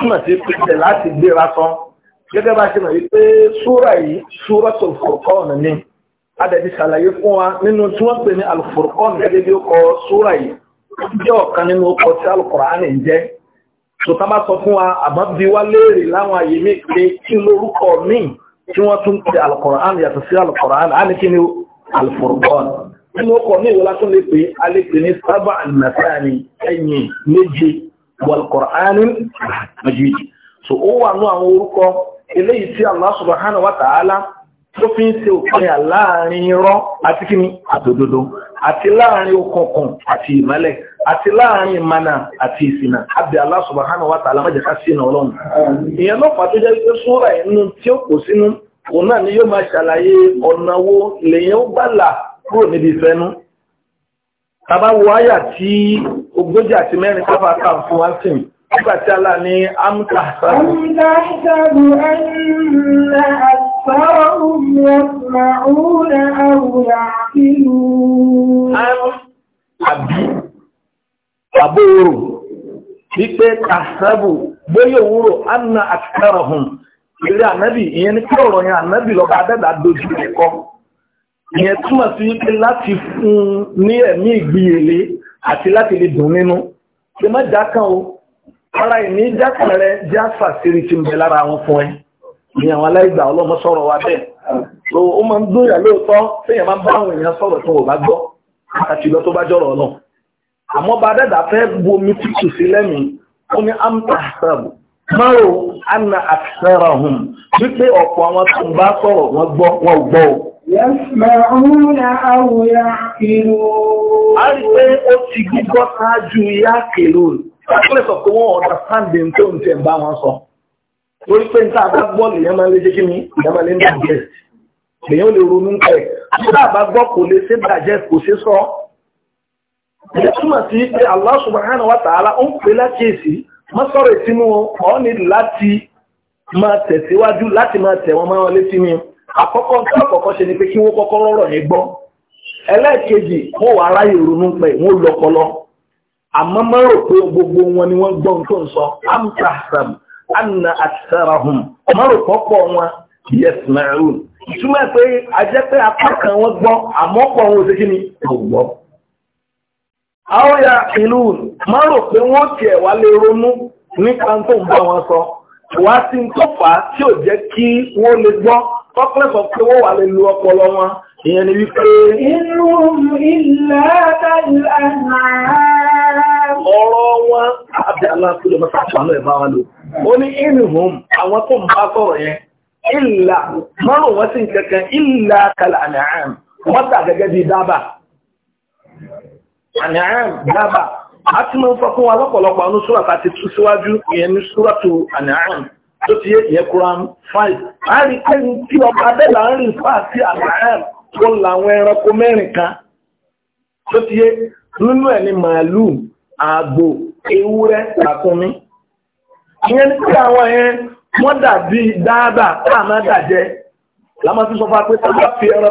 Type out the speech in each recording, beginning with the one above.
túmọ̀ sí pípẹ́ láti gbéra sán gẹ́gẹ́ bá ṣe mọ̀ wípé súrà yìí súrà tó fòrùkọ́ọ̀nù ni adẹ̀bí ṣàlàyé fún wa nínú tí wọ́n pè ní alùfòrùkọ́ọ̀nù gẹ́gẹ́ bí ó kọ súrà yìí jẹ́ ọ̀kan nínú ọkọ̀ tí alùkùránì ń jẹ́ tó tá bá sọ fún wa àmọ́ bí wá léèrè láwọn àyè mí pé kí lórúkọ míì tí wọ́n tún pè alùkùránì yàtọ̀ sí alùkùránì á ní kí ni alùfòrùkọ́ọ̀nù nínú ọkọ̀ míì wọ́n látún lè pè á lè pè ní sábà nàtàní والقرآن مجيد so ó wà ní àwọn orúkọ eléyìí tí Allah subhanahu wa ta'ala tó fi ń ṣe òpin láàrin irọ́ àti kíni àtòdodo àti láàrin òkùnkùn àti ìmọ́lẹ̀ àti láàrin ìmọ̀nà àti ìsìnà àbí Allah subhanahu wa ta'ala mẹ́jẹ̀ká sí ìnà ọlọ́run ìyẹn náà pàtó jẹ́ pé súnra inú tí ó kò sínú òun tàbá wo tí ogójì àti mẹ́rin sáfà kà fún wá sí nígbà tí alá ní amúta sáàbù. wípé kàsáàbù òwúrò anna àtàrà hùn ilé ànábì ìyẹn ìyẹn túmọ̀ sí wípé láti fún ní ẹ̀mí ìgbìyèlé àti láti lè dùn nínú ṣe má dákan o ara ìní dákan rẹ já fàṣírí ti ń bẹ lára wọn fún ẹ ní àwọn aláìgbà ọlọ́mọ sọ̀rọ̀ wa bẹ́ẹ̀ so ó máa ń dóyà lóòótọ́ téèyàn máa ń bá àwọn èèyàn sọ̀rọ̀ tó wò bá gbọ́ àti lọ tó bá jọ̀rọ̀ náà àmọ́ bá dàdà fẹ́ bu omi tútù sí lẹ́mìí ó ní amta sábù márùn-ún anna àfẹ́ràn hùn wípé ọ̀pọ̀ àwọn tó ń bá sọ̀rọ̀ wọn gbọ́ wọn gbọ́ o. Yẹ́sùmẹ̀rún àwọn yàkìlú. A rí pé ó ti gbígbọ́ sáájú yàkìlú. Ṣákùnlẹ̀ sọ pé wọ́n understanding tó ń tẹ̀ bá wọn sọ. Lórí pé ní tàbá gbọ́ nìyẹn máa lé jẹ́kí ní ìyàmà lé ní digest. Èyàn lè ronú pẹ̀. Àṣírí àbá gbọ́ kò lè ṣe digest kò ṣe sọ. Ìyẹn túmọ̀ sí pé Allah subhanahu wa ta'ala ó ń pè lákèésí. Má sọ̀rọ̀ ìtinú ọ̀ ní láti máa tẹ̀síwájú láti máa tẹ̀ máa létí ni àkọ́kọ́ nǹkan àkọ́kọ́ ṣe ni pé kí wọ́n kọ́kọ́ rọ̀rọ̀ yẹn gbọ́ ẹlẹ́ẹ̀kejì wọ́n wà aráyè ronú pẹ̀ wọ́n lọ́pọlọ àmọ́ má rò pé gbogbo wọn ni wọ́n gbọ́ nǹkan sọ amtahsam anna aktharahum má rò pọ́pọ̀ wọn yasma'un ìtumọ̀ pé ajẹ́ pé apá kan wọ́n gbọ́ àmọ́ pọ̀ wọn ò sí kí ni kò gbọ́ àwọn ya ìlú má rò pé wọ́n tiẹ̀ wá lè ronú nípa tó ń bá wọn sọ wá sí tó fà á tí ò jẹ́ kí wọ́n lè gbọ́ tọ́pẹ́sọ̀ pé wọ́n wà lè lo ọpọlọ wọn ìyẹn ni wípé inú ilẹ̀ ọ̀rọ̀ wọn àbí aláàfíìlẹ̀ mọ́sàpánú ẹ̀bá wọn lò ó ní inúhùn àwọn tó ń bá sọ̀rọ̀ yẹn ìlà márùn wọ́n sì kẹ̀kẹ́ ìlà kalẹ̀ àníhàn wọ́n am, a ti mọ́ fọ́kún tó ti yé 5 Quran five a rí ọba abẹ́là ń rìn fáà sí àlàyé tó ẹranko mẹ́rin kan tó ti yé nínú ẹ̀ ní màálù àgbò ewúrẹ́ àkúnmí ìyẹn ní àwọn yẹn wọ́n dàbí dáadáa tá a máa dàjẹ́ sí sọ ìlà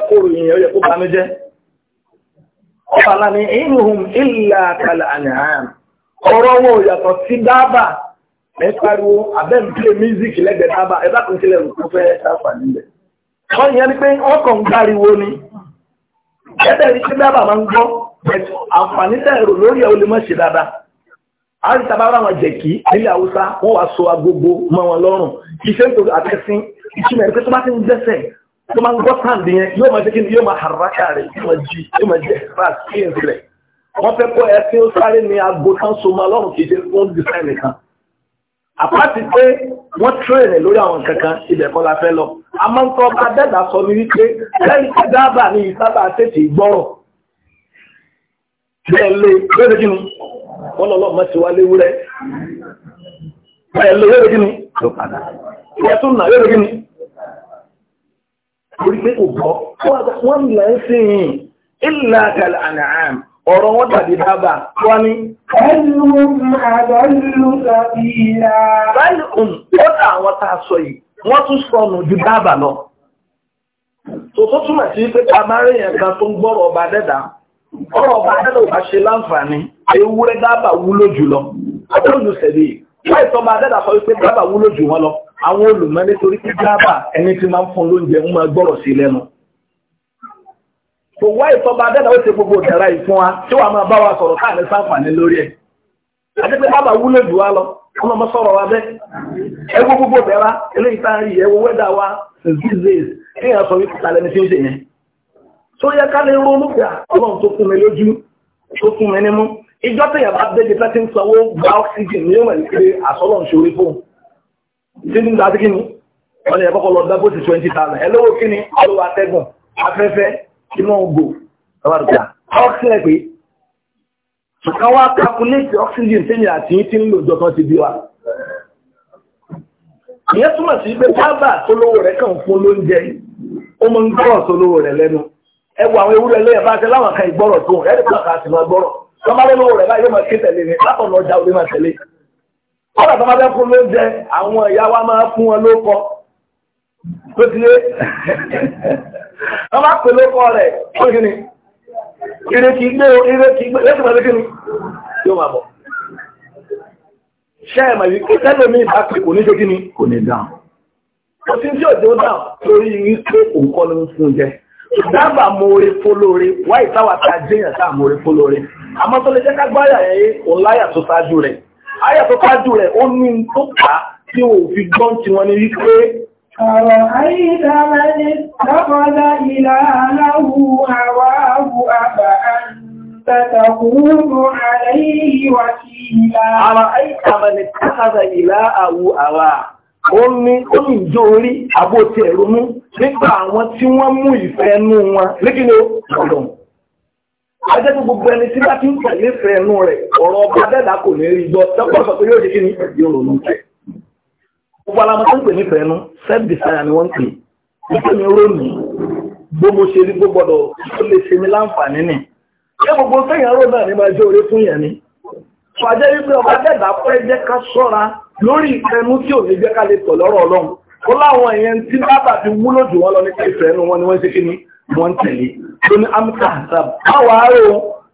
ọ̀rọ̀ wọn ò yàtọ̀ sí Mais pariwo abẹ́ ń play music lẹ́gbẹ̀ẹ́ tábà ẹ bá kún sílẹ̀ òkú fẹ́ sáfà nílẹ̀. wọ́n yẹn ni pé ọkọ̀ ń gbáriwo ni ẹ̀ẹ́dẹ̀ ní sílẹ̀ àbà máa ń gbọ́ ẹ̀sùn àǹfààní tẹ̀rù lórí ẹ̀ ó lè má ṣe dáadáa. àti tàbá ara wọn jẹ̀ kí nílẹ̀ haúsá wọ́n wá so agogo mọ́ wọn lọ́rùn kì í ṣe nítorí àtẹ́sín ìtumọ̀ ẹ̀ pé tó bá ti ń dẹ́sẹ̀ tó máa ń gbọ́ sáǹdì yẹn yóò máa jẹ́kí yóò máa haraka rẹ̀ yóò máa jí yóò máa jẹ́ ras kí n sílẹ̀ wọ́n fẹ́ kó ẹ̀sìn ó sáré ní aago tán so máa lọ́rùn kì í ṣe fún dísáìn nìkan àpáti pé wọ́n tírèlè lórí àwọn kankan ibẹ̀ kọ́ la fẹ́ lọ àmọ́ ń tọ́ bá dẹ́gbà sọ ní wípé lẹ́yìn tí dáàbà ní ìsábà tètè gbọ́rọ̀ bẹ́ẹ̀ lé lórí kínú wọ́n lọ́lọ́ mọ́ sí wá léwúrẹ́ bẹ́ẹ̀ lé lórí kínú ló padà wọ́n tún nà lórí kínú orí pé kò gbọ́ wọ́n lẹ́ ń sìn ìlà kàlà àná àmì ọ̀rọ̀ wọn dàbí dábà wá ní ẹlùm àdọ́lù sàbílá báyìí ó dà àwọn tá a sọ yìí wọ́n tún sọnù ju dábà lọ tó tó túmọ̀ sí pé ká máa rí yẹn kan tó ń gbọ́rọ̀ ọba dẹ́dà ọ̀rọ̀ ọba dẹ́dà ò bá ṣe láǹfààní ewúrẹ́ dábà wúlò jùlọ àtọ́jú sẹ̀lẹ̀ yìí láì tọ́ba dẹ́dà sọ wípé dábà wúlò jù wọn lọ àwọn olùmọ̀ nítorí pé dábà ẹni tí máa ń fún kò wá ìtọ́ba dáadáa ó ti gbogbo ìdára ìfún wa tí wàá máa bá wa sọ̀rọ̀ káàní sáǹfààní lórí ẹ̀ àdébẹ́ bàbá wúlò jù wá lọ ọmọ ọmọ sọ̀rọ̀ wa bẹ́ ẹ wo gbogbo ìdára eléyìí tá à ń yẹ wo wẹ́dà wa these days kí èèyàn sọ wípé tàlẹ́ ni tí ń ṣe yẹn tó yẹ ká lè ronú pé ọlọ́run tó fún mi lójú tó fún mi nímú ìjọ tẹ̀yà bá débi tá ti ń sanwó gba oxygen ní ìwọ̀n ìpele àsọ́lọ̀ ìṣòro fóun tí ń da sí kíni wọ́n ní ẹ̀kọ́kọ́ lọ dá bó ti twenty thousand ẹ lówó kíni ọlọ́wọ́ atẹ́gùn afẹ́fẹ́ inú ògbò ọwọ́dùgbà ọ́kílẹ̀ pé ṣùgbọ́n wá calculate oxygen tí ìyà tí ti ń lò jọ kan ti bí wa ìyẹn túmọ̀ sí pé tábà tó rẹ̀ kàn fún lóúnjẹ ó mọ ń gbọ́rọ̀ tó rẹ̀ lẹ́nu ẹ wo àwọn ewúrẹ́ lẹ́yìn bá láwọn kan ìgbọ́rọ̀ tó ẹ̀ nípa kan àti gbọ́rọ̀ lówó rẹ̀ báyìí wọ́n bá pè lókọ rẹ̀ wọ́n kí gbé o ìrètí gbé lẹ́sìn bá kí ni yóò máa bọ̀ ṣe ẹ̀mọ̀ yìí kí tẹ́lẹ̀ mi bá pè kò ní ṣe kí ni kò ní dáhùn kò sí tí òjò dáhùn torí wípé òǹkọ́ ló ń fún jẹ dábà mọ̀ọ́rẹ́ fọlọ́ọ̀rẹ́ wáyé táwa ta jẹ́yàn tá mọ̀ọ́rẹ́ fọlọ́ọ̀rẹ́ àmọ́ tó lè jẹ́ ká gbáyà ẹ̀yẹ òun láyà tó ṣáájú rẹ̀ àyà tó ṣáájú rẹ̀ ó ní tó pa tí òun fi gbọ́n أرأيت من اتخذ إلهه هواه أفأنت تقوم عليه وكيلا أرأيت من اتخذ إلهه هواه Omi olùjọ orí àbótí ẹ̀rọ mú nígbà àwọn tí wọ́n mú ìfẹ́ ẹnu wọn lékìlò ọ̀dọ̀. Ajẹ́ tó gbogbo ẹni tí bá ti ń tẹ̀lé ìfẹ́ ẹnu rẹ̀ ọ̀rọ̀ ọba dẹ́dà kò ní rí gbọ́ tọ́pọ̀ sọ pé yóò ṣe kí ni ìdí gbogbo alamọ tó ń pè nífẹ̀ẹ́ nu self desire ni wọ́n ń pè nípa mi rónìí gbogbo ṣe ní gbogbo ọ̀dọ̀ tó lè ṣe mi láǹfààní nì ṣé gbogbo sẹ́yìn aró náà ní máa jẹ́ oore fún yẹn ni fàjẹ́ wípé ọba dẹ́gbà fẹ́ jẹ́ ká ṣọ́ra lórí ìfẹ́nu tí ò ní jẹ́ ká lè tọ̀ lọ́rọ̀ ọlọ́run ó láwọn èèyàn tí bábà fi wúlò jù wọ́n lọ nípa ìfẹ́nu wọn ni wọ́n ṣe kí ni wọ́n tẹ̀lé lóní amúkà àṣà báwa rò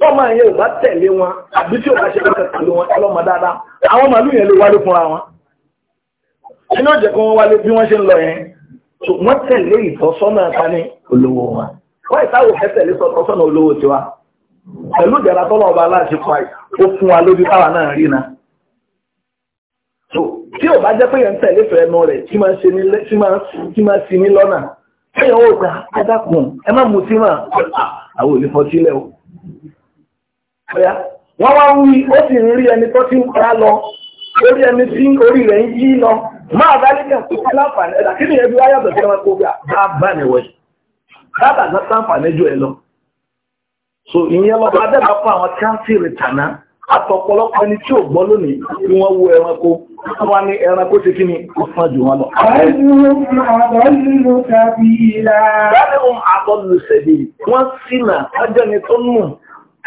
tọ́mọ yẹn ò bá tẹ̀lé wọn àbí tí ò bá ṣe kọ́kẹ́ pẹ̀lú wọn ọlọ́mọ dáadáa àwọn màálù yẹn lè wálé fúnra wọn inú ọ̀jẹ̀ kan wálé bí wọ́n ṣe ń lọ yẹn tó wọ́n tẹ̀lé ìtọ́sọ́nà kání olówó wọn wọ́n ìtawò fẹ́ tẹ̀lé ìtọ́sọ́nà olówó tiwa pẹ̀lú ìjàrá tọ́lọ̀ ọba aláṣẹ fún àyè ó fún wa lójú táwa náà rí na tó tí ò bá jẹ́ pé yẹn tẹ̀lé fẹ́ ẹnu rẹ̀ ọ̀yá wọ́n wá wí ó sì ń rí ẹni tó ti ń kọ́ra lọ orí ẹni tí orí rẹ̀ ń yí lọ máa bá lé kẹ́kọ̀ọ́ sí láǹfààní ẹ̀dà kí ni ẹbí wáyà bẹ̀rẹ̀ sí ẹranko bí a wẹ̀ dábàá náà sáǹfààní jù ẹ lọ. so ìyẹn lọ bá dẹ́gbà fún àwọn káńsìlì tàná àtọ̀pọ̀lọpọ̀ ẹni tí ò gbọ́ lónìí tí wọ́n wo ẹranko wọ́n wá ẹranko ti kí ni ó sàn jù wọn lọ. ọ̀rẹ́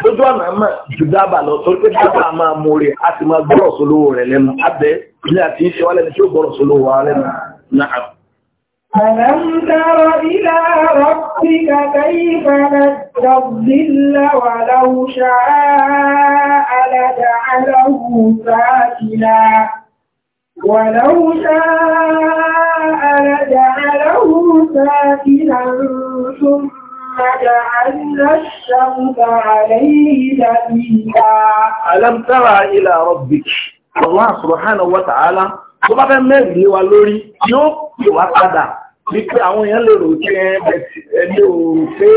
lójú ọ̀nà mọ̀ ju dábà lọ torí pé dábà máa mú rẹ̀ a sì máa gbọ́rọ̀ sólówó rẹ̀ lẹ́nu abẹ́ ilé àti iṣẹ́ wálẹ̀ tí ó gbọ́rọ̀ sólówó wa lẹ́nu náà. Alam tara ila rabbika kayfa nazzilla wa law sha'a la جعلنا الشمس عليه لبيبا ألم ترى إلى ربك الله سبحانه وتعالى tó bá fẹ́ mẹ́rin lé wa lórí yóò pè wá padà wípé àwọn èèyàn lè rò tí ẹni òòrùn pé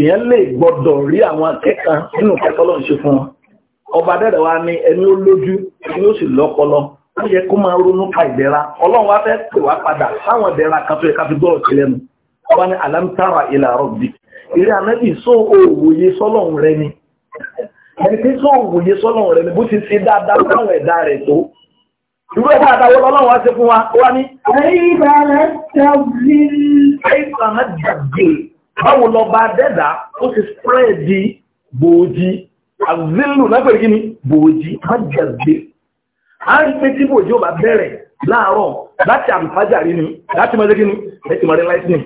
èèyàn lè gbọ́dọ̀ rí àwọn akẹ́kọ̀ọ́ nínú kẹ́kọ̀ọ́ ṣe fún wọn ọba dẹ́rẹ̀ wa ni ẹni ó lójú ẹni ó sì lọ́pọlọ ó yẹ kó máa ronú ka ìdẹ̀ra ọlọ́run wá fẹ́ pè wá padà sáwọn ìdẹ̀ra kan tó yẹ ká fi gbọ́ ọ̀tí lẹ́nu wọ́n ní alamtara ilà rọ̀bì eré anábì sọ òwòye sọ́lọ́run rẹ ni ẹni tí sọ òwòye sọ́lọ́run rẹ ni bó ti ṣe dáadáa láwọn ẹ̀dá rẹ̀ tó irú ẹ̀dá àdáwọ́ lọ́lọ́run wá fún wa wá ní. àìsàn a ń láàárọ̀ láti àmì fájà rí ni láti mọ́lẹ́kí ni láti láìsí ni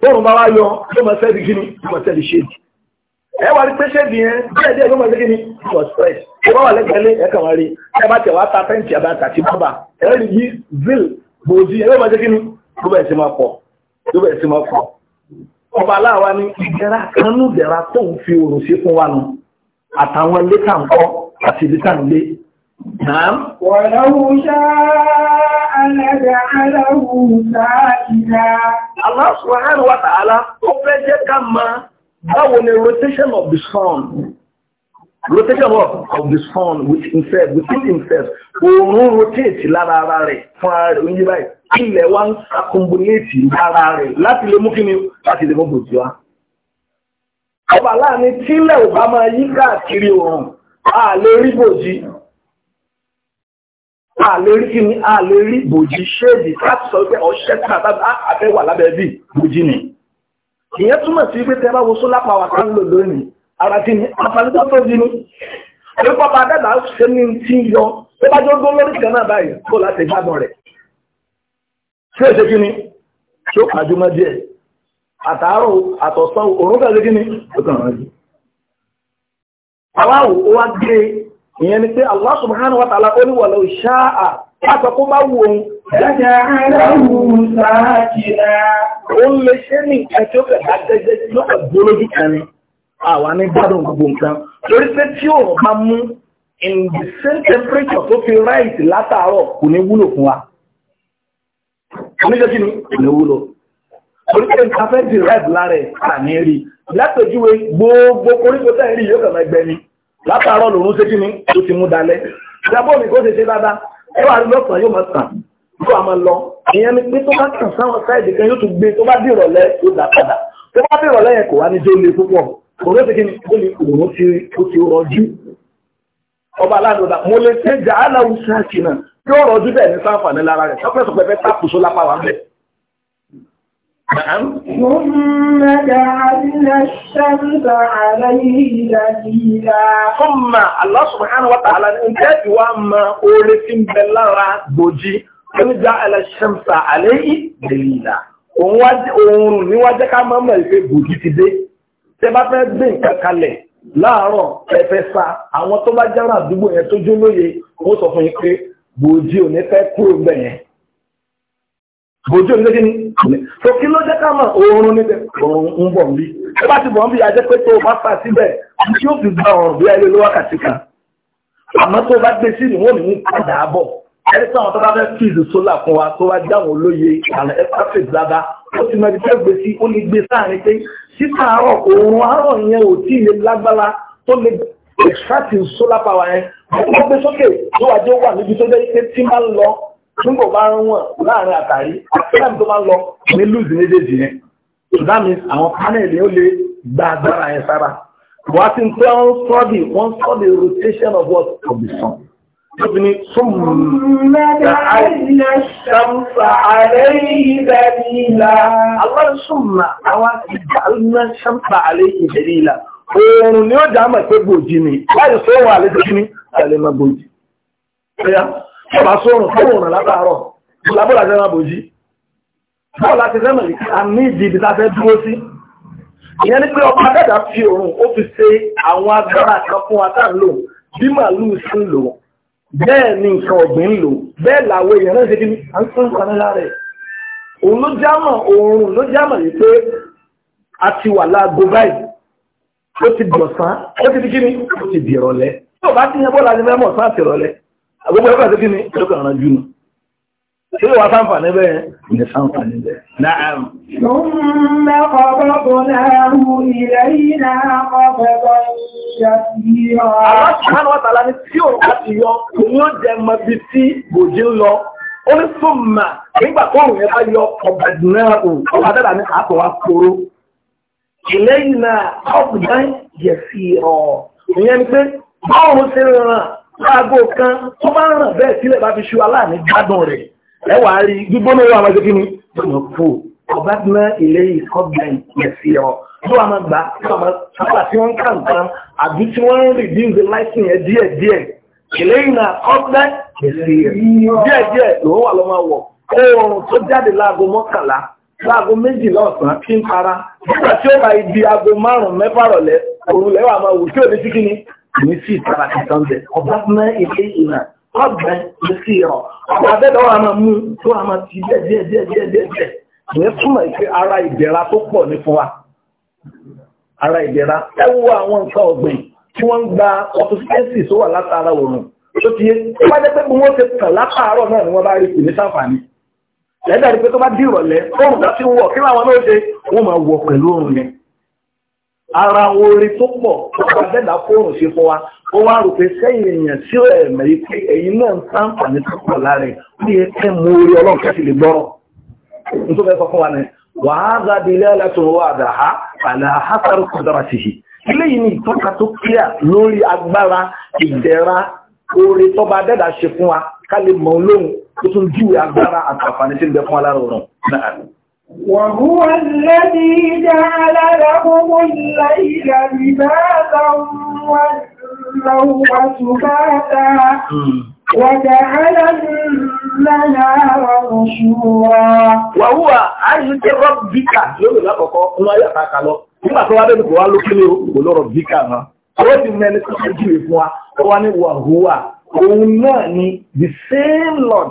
tóòrùn bá wá yọ yóò máa sẹ́ẹ̀dì kíni yóò máa sẹ́ẹ̀dì ṣéèdì ẹ wà ní pé ṣéèdì yẹn díẹ̀ díẹ̀ yóò máa sẹ́ẹ̀dì kíni yóò máa sẹ́ẹ̀dì ẹ bá wà lẹ́gbẹ̀ẹ́lé ẹ kàn wá rí ẹ bá tẹ̀ wá ta fẹ́ǹtì àbá tàti bábà ẹ rí yí zil bòójì ẹ yóò máa sẹ́ẹ̀dì kíni yóò bẹ̀rẹ̀ sí máa pọ̀ yóò bẹ̀rẹ̀ sí máa pọ̀ ọba aláwa ni ìdẹ̀ra kanú dẹ̀ra tó fi òrùn sí fún wa nù àtàwọn létà ń kọ́ àti létà ń lé نعم ولو شاء لجعله Allah subhanahu wa ta'ala ó fẹ́ jẹ́ ká máa báwo ni rotation of the sun rotation of, of the sun with himself within himself òòrùn rotate lára ara rẹ̀ fún ara rẹ̀ oúnjẹ báyìí ilẹ̀ wa ń circumambulate lára rẹ̀ láti lè mú kí ni láti lè mú bòjú wa. ọba láàrin tílẹ̀ ò bá máa yí káàkiri òòrùn a lè rí bòjú a lè rí kí ni a lè rí bòjì ṣéèdì láti sọ pé ọ̀ṣẹ́ tàbí àbẹ́wà lábẹ́ bí bòjì ni ìyẹn túmọ̀ sí pé tẹ́ wo sólà pàwà ń lò lónìí ara kí ni àǹfààní tó tó di ni pé pápá dàda ṣe ní ti yọ tó bá jọ gbó lórí kan náà báyìí kó láti gbádùn rẹ̀ ṣé èsè kí ni ṣó àjùmọ̀ díẹ̀ àtàárọ̀ àtọ̀sán òórùn kàlẹ́ kí ni ó kàn án rí àwọn àwò ó wá gbé ìyẹn ni pé Allah subhanahu wa ta'ala ó ní wà lọ ṣáà látọ̀ kó bá wù ohun jẹ́jẹ́ aláwùn sáàkìlá ó ń lè ṣe ní ẹ̀tí ó fẹ̀ dájẹ́jẹ́ ló fẹ̀ gbólójú kan ni àwa ní gbádùn gbogbo nǹkan torí pé tí òòrùn bá mú in the same temperature tó fi ráìsì látàárọ̀ kò ní wúlò fún wa oníṣẹ́ kí ni kò ní wúlò torí pé nǹkan fẹ́ di ráìsì lára ẹ̀ kà ní rí lápèjúwe gbogbo koríko tẹ̀ ń rí yóò kàn máa gbẹ ni látàárọ̀ lòun ṣe kí ni ó ti mú dalẹ̀ ìjábọ̀ mi kó ṣe ṣe dáadáa ẹ wà ní lọ́sàn-án yóò máa tàn yóò wà máa lọ ìyẹn ni pé tó bá tàn sáwọn sáìdì kan yóò tún gbé tó bá dì ìrọ̀lẹ́ yóò dà padà tó bá dì ìrọ̀lẹ́ yẹn kò wá ní tó le púpọ̀ òun ṣe kí ni ó ní òun ó ti rọjú ọba aládùúgbà mo lè ṣe jà á láwùsá kìnnà yóò rọjú bẹ́ẹ̀ ní sáǹfààní نعم ثم جعلنا الشمس عليه دليلا ثم الله سبحانه وتعالى نجد وما قول في بوجي ثم جعل الشمس عليه دليلا òun ni wá jẹ́ ká máa mọ̀ ìfẹ́ bòjì ti dé tẹ bá fẹ́ gbé nǹkan kalẹ̀ láàárọ̀ ẹ̀fẹ́ sa àwọn tó bá jára àdúgbò yẹn tó jó lóye ó sọ fún yín pé ò ní fẹ́ kúrò bẹ̀yẹn bójú omi lójú ní so kí ló jẹ́ ká mọ̀ oorun níbẹ̀ oorun ń bọ̀ nbí tó bá ti bọ̀ nbí ajẹ́ pé tó o bá fà síbẹ̀ yóò fi gba ọ̀rùn bí ayé ló wákàtí kan àmọ́ tó o bá gbé sí ni wọ́n ní padà bọ̀ ẹni tí àwọn tó bá fẹ́ fíìsì sólà fún wa tó wá dáhùn olóye àná ẹ́pàfẹ́t dáadáa ó ti mọ ibi tó gbé sí ó lè gbé sáàrin pé síta àárọ̀ oorun àárọ̀ yẹn ò tí ì lè lágbára tó lè extract solar power yẹn ó gbé sókè tó wájú wà níbi tó dé pé tí máa ń lọ nígbò bá ń wọ̀n láàrin àtàrí àtàrí tó bá lọ ní lùzì méjèèjì yẹn that means àwọn panẹ́ẹ̀lì ó lè gba agbára yẹn sára wọ́n ti ń pẹ́ wọ́n study wọ́n study rotation of what of the sun tó fi ní súnmù ṣàmùsà àlẹ́ ìdàdìlà àwọn súnmù àwọn ìdàlùmọ̀ ṣàmùsà àlẹ́ ìdàdìlà oòrùn ni ó dá mọ̀ pé gbòjì ni láì sọ́wọ́ àlejò kí ni àlejò máa gbòjì tí ọba sórùn tó rùn látàárọ̀ lábọ́lá jẹ́ máa bòjí bọ́ọ̀ láti fẹ́ mẹ́rin a ní ìdìbì tá fẹ́ dúró sí ìyẹn ni pé ọba dẹ́dà fi òrùn ó fi ṣe àwọn agbára kan fún wa táà ń lò bí màálù sí ń lò bẹ́ẹ̀ ni nǹkan ọ̀gbìn ń lò bẹ́ẹ̀ làwọ èèyàn náà ṣe kí ni à ń sún nǹkan nílá rẹ̀ òun ló jámọ̀ òórùn ló jámọ̀ yìí pé a ti wà láago báyìí ó ti dọ̀sán ó ti di kí ni ó ti dìrọ̀lẹ́ tí ò bá ti yẹn bọ́ọ̀lù àti mẹ́mọ̀ sán àtìrọ̀lẹ́ àgbẹ̀gbẹ̀ ọkọ̀ sí kí ni ọkọ̀ ọ̀ràn ṣe wà sáǹfàní bẹ́ẹ̀ ní sáǹfàní bẹ́ẹ̀ náàm ó fún mà nígbà tó òun yẹn bá yọ ọ̀bà náà ò ọba dára ní àkọwà kóró ilẹ̀ ìlà ọgbẹ̀gbọ́ ìyàtìyàn ìyẹn pé báwo ṣe rán láago kan tó máa ń ràn bẹ́ẹ̀ sílẹ̀ bá fi ṣu aláàní gbádùn rẹ̀ ẹ wà á rí gbígbóná owó àwọn ẹgbẹ́ gbọ́nà fò ọba ná ilé ìkọ́gbà ìpẹ̀sì ọ̀ tó wà máa gbà sábà tí wọ́n ń kà nǹkan àbí tí wọ́n ń reduce the license yẹn díẹ̀ díẹ̀ ilé ìnà ọ̀gbẹ́ ìpẹ̀sì díẹ̀ díẹ̀ lòun wà lọ́mọ wọ̀ oòrùn tó jáde láago mọ́kànlá láago méjìlá ọ̀sán kí ń para nígbà tí ó bá ibi aago márùn-ún mẹ́fà rọ̀lẹ́ òrùlẹ́wà máa wù tí ò ní sí kíni ìmísí ìtara kìtàn bẹ̀ ọba mẹ́ ilé ìrìnà ọgbẹ́ ìmísí ìrọ̀ ọba bẹ́ẹ̀ wà máa mú tó wà máa ti díẹ̀ díẹ̀ díẹ̀ díẹ̀ díẹ̀ díẹ̀ ìyẹn túmọ̀ ìpé ara ìdẹ̀ra tó pọ̀ ní fún wa ara ìdẹ̀ra ẹ wo àwọn nǹkan ọ̀gbìn tí wọ́n ń gba photosynthesis tó wà látara òrùn tó ti yé tó bá jẹ́ pé wọ́n ti kàn látàárọ̀ náà ni wọ́n bá rí kù ní sàǹfààní lẹ́dàá rí pé tó bá dìrọ̀lẹ́ tó ń gbà sí wọ̀ kí láwọn náà ṣe wọ́n máa wọ̀ pẹ̀lú òrùn yẹn ara ori tó pọ̀ ọba dẹ́dà fóònù wa ó wá rò pé sẹ́yìn èèyàn tí rẹ̀ ẹ̀mẹ̀ pé náà ń sáǹfààní tó pọ̀ láàrin ó yẹ kẹ́ mú orí ọlọ́run kẹ́sì lè gbọ́rọ̀ nítorí fẹ́ sọ fún wa ni wàá owó àdáhà àlà ni ìtọ́ka tó kíyà lórí agbára ṣe fún وهو الذي جعل لهم الليل لباسا والنوم سباتا وجعل النهار نشورا وهو عهد ربك lórí lákọ̀ọ́kọ́ ọmọ ayàtà kalọ́ nígbà tó wá bẹ́ẹ̀ kò wá ló kí ní kò lọ́rọ̀ bíkà náà ó ti mẹ́ni tó ṣe jíwe fún wa ó wá ní wàhúwà òun náà ni the same lord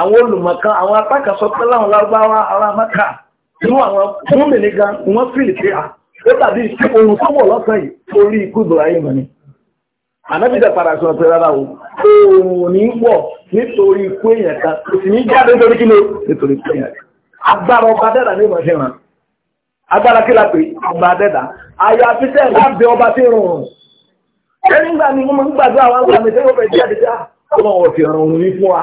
àwọn olùmọ̀kan àwọn apákan sọ pé láwọn lágbáwá ara mẹ́ka nínú àwọn múmìnì gan wọ́n fìlì pé à ah, ó tàbí sí ohun tó wọ̀ lọ́sàn yìí torí ikú Ibrahim ni ànábìdẹ̀ padà sọ pé rárá o oòrùn ní wọ̀ nítorí ikú èèyàn kan kò sì ní jáde nítorí kí ló nítorí ikú èèyàn agbára ọba dẹ́dà ní ìmọ̀ṣẹ́ wọn agbára kí la pè ọba dẹ́dà àyà àfisẹ́ ẹ̀dá bẹ ọba tí rùn ẹni gbà ní mo máa ń gbàdúrà wọn gbà mí sẹ́yìn ó jáde já ah, ọlọ́run ọ̀sẹ̀ ọ̀run ní fún wa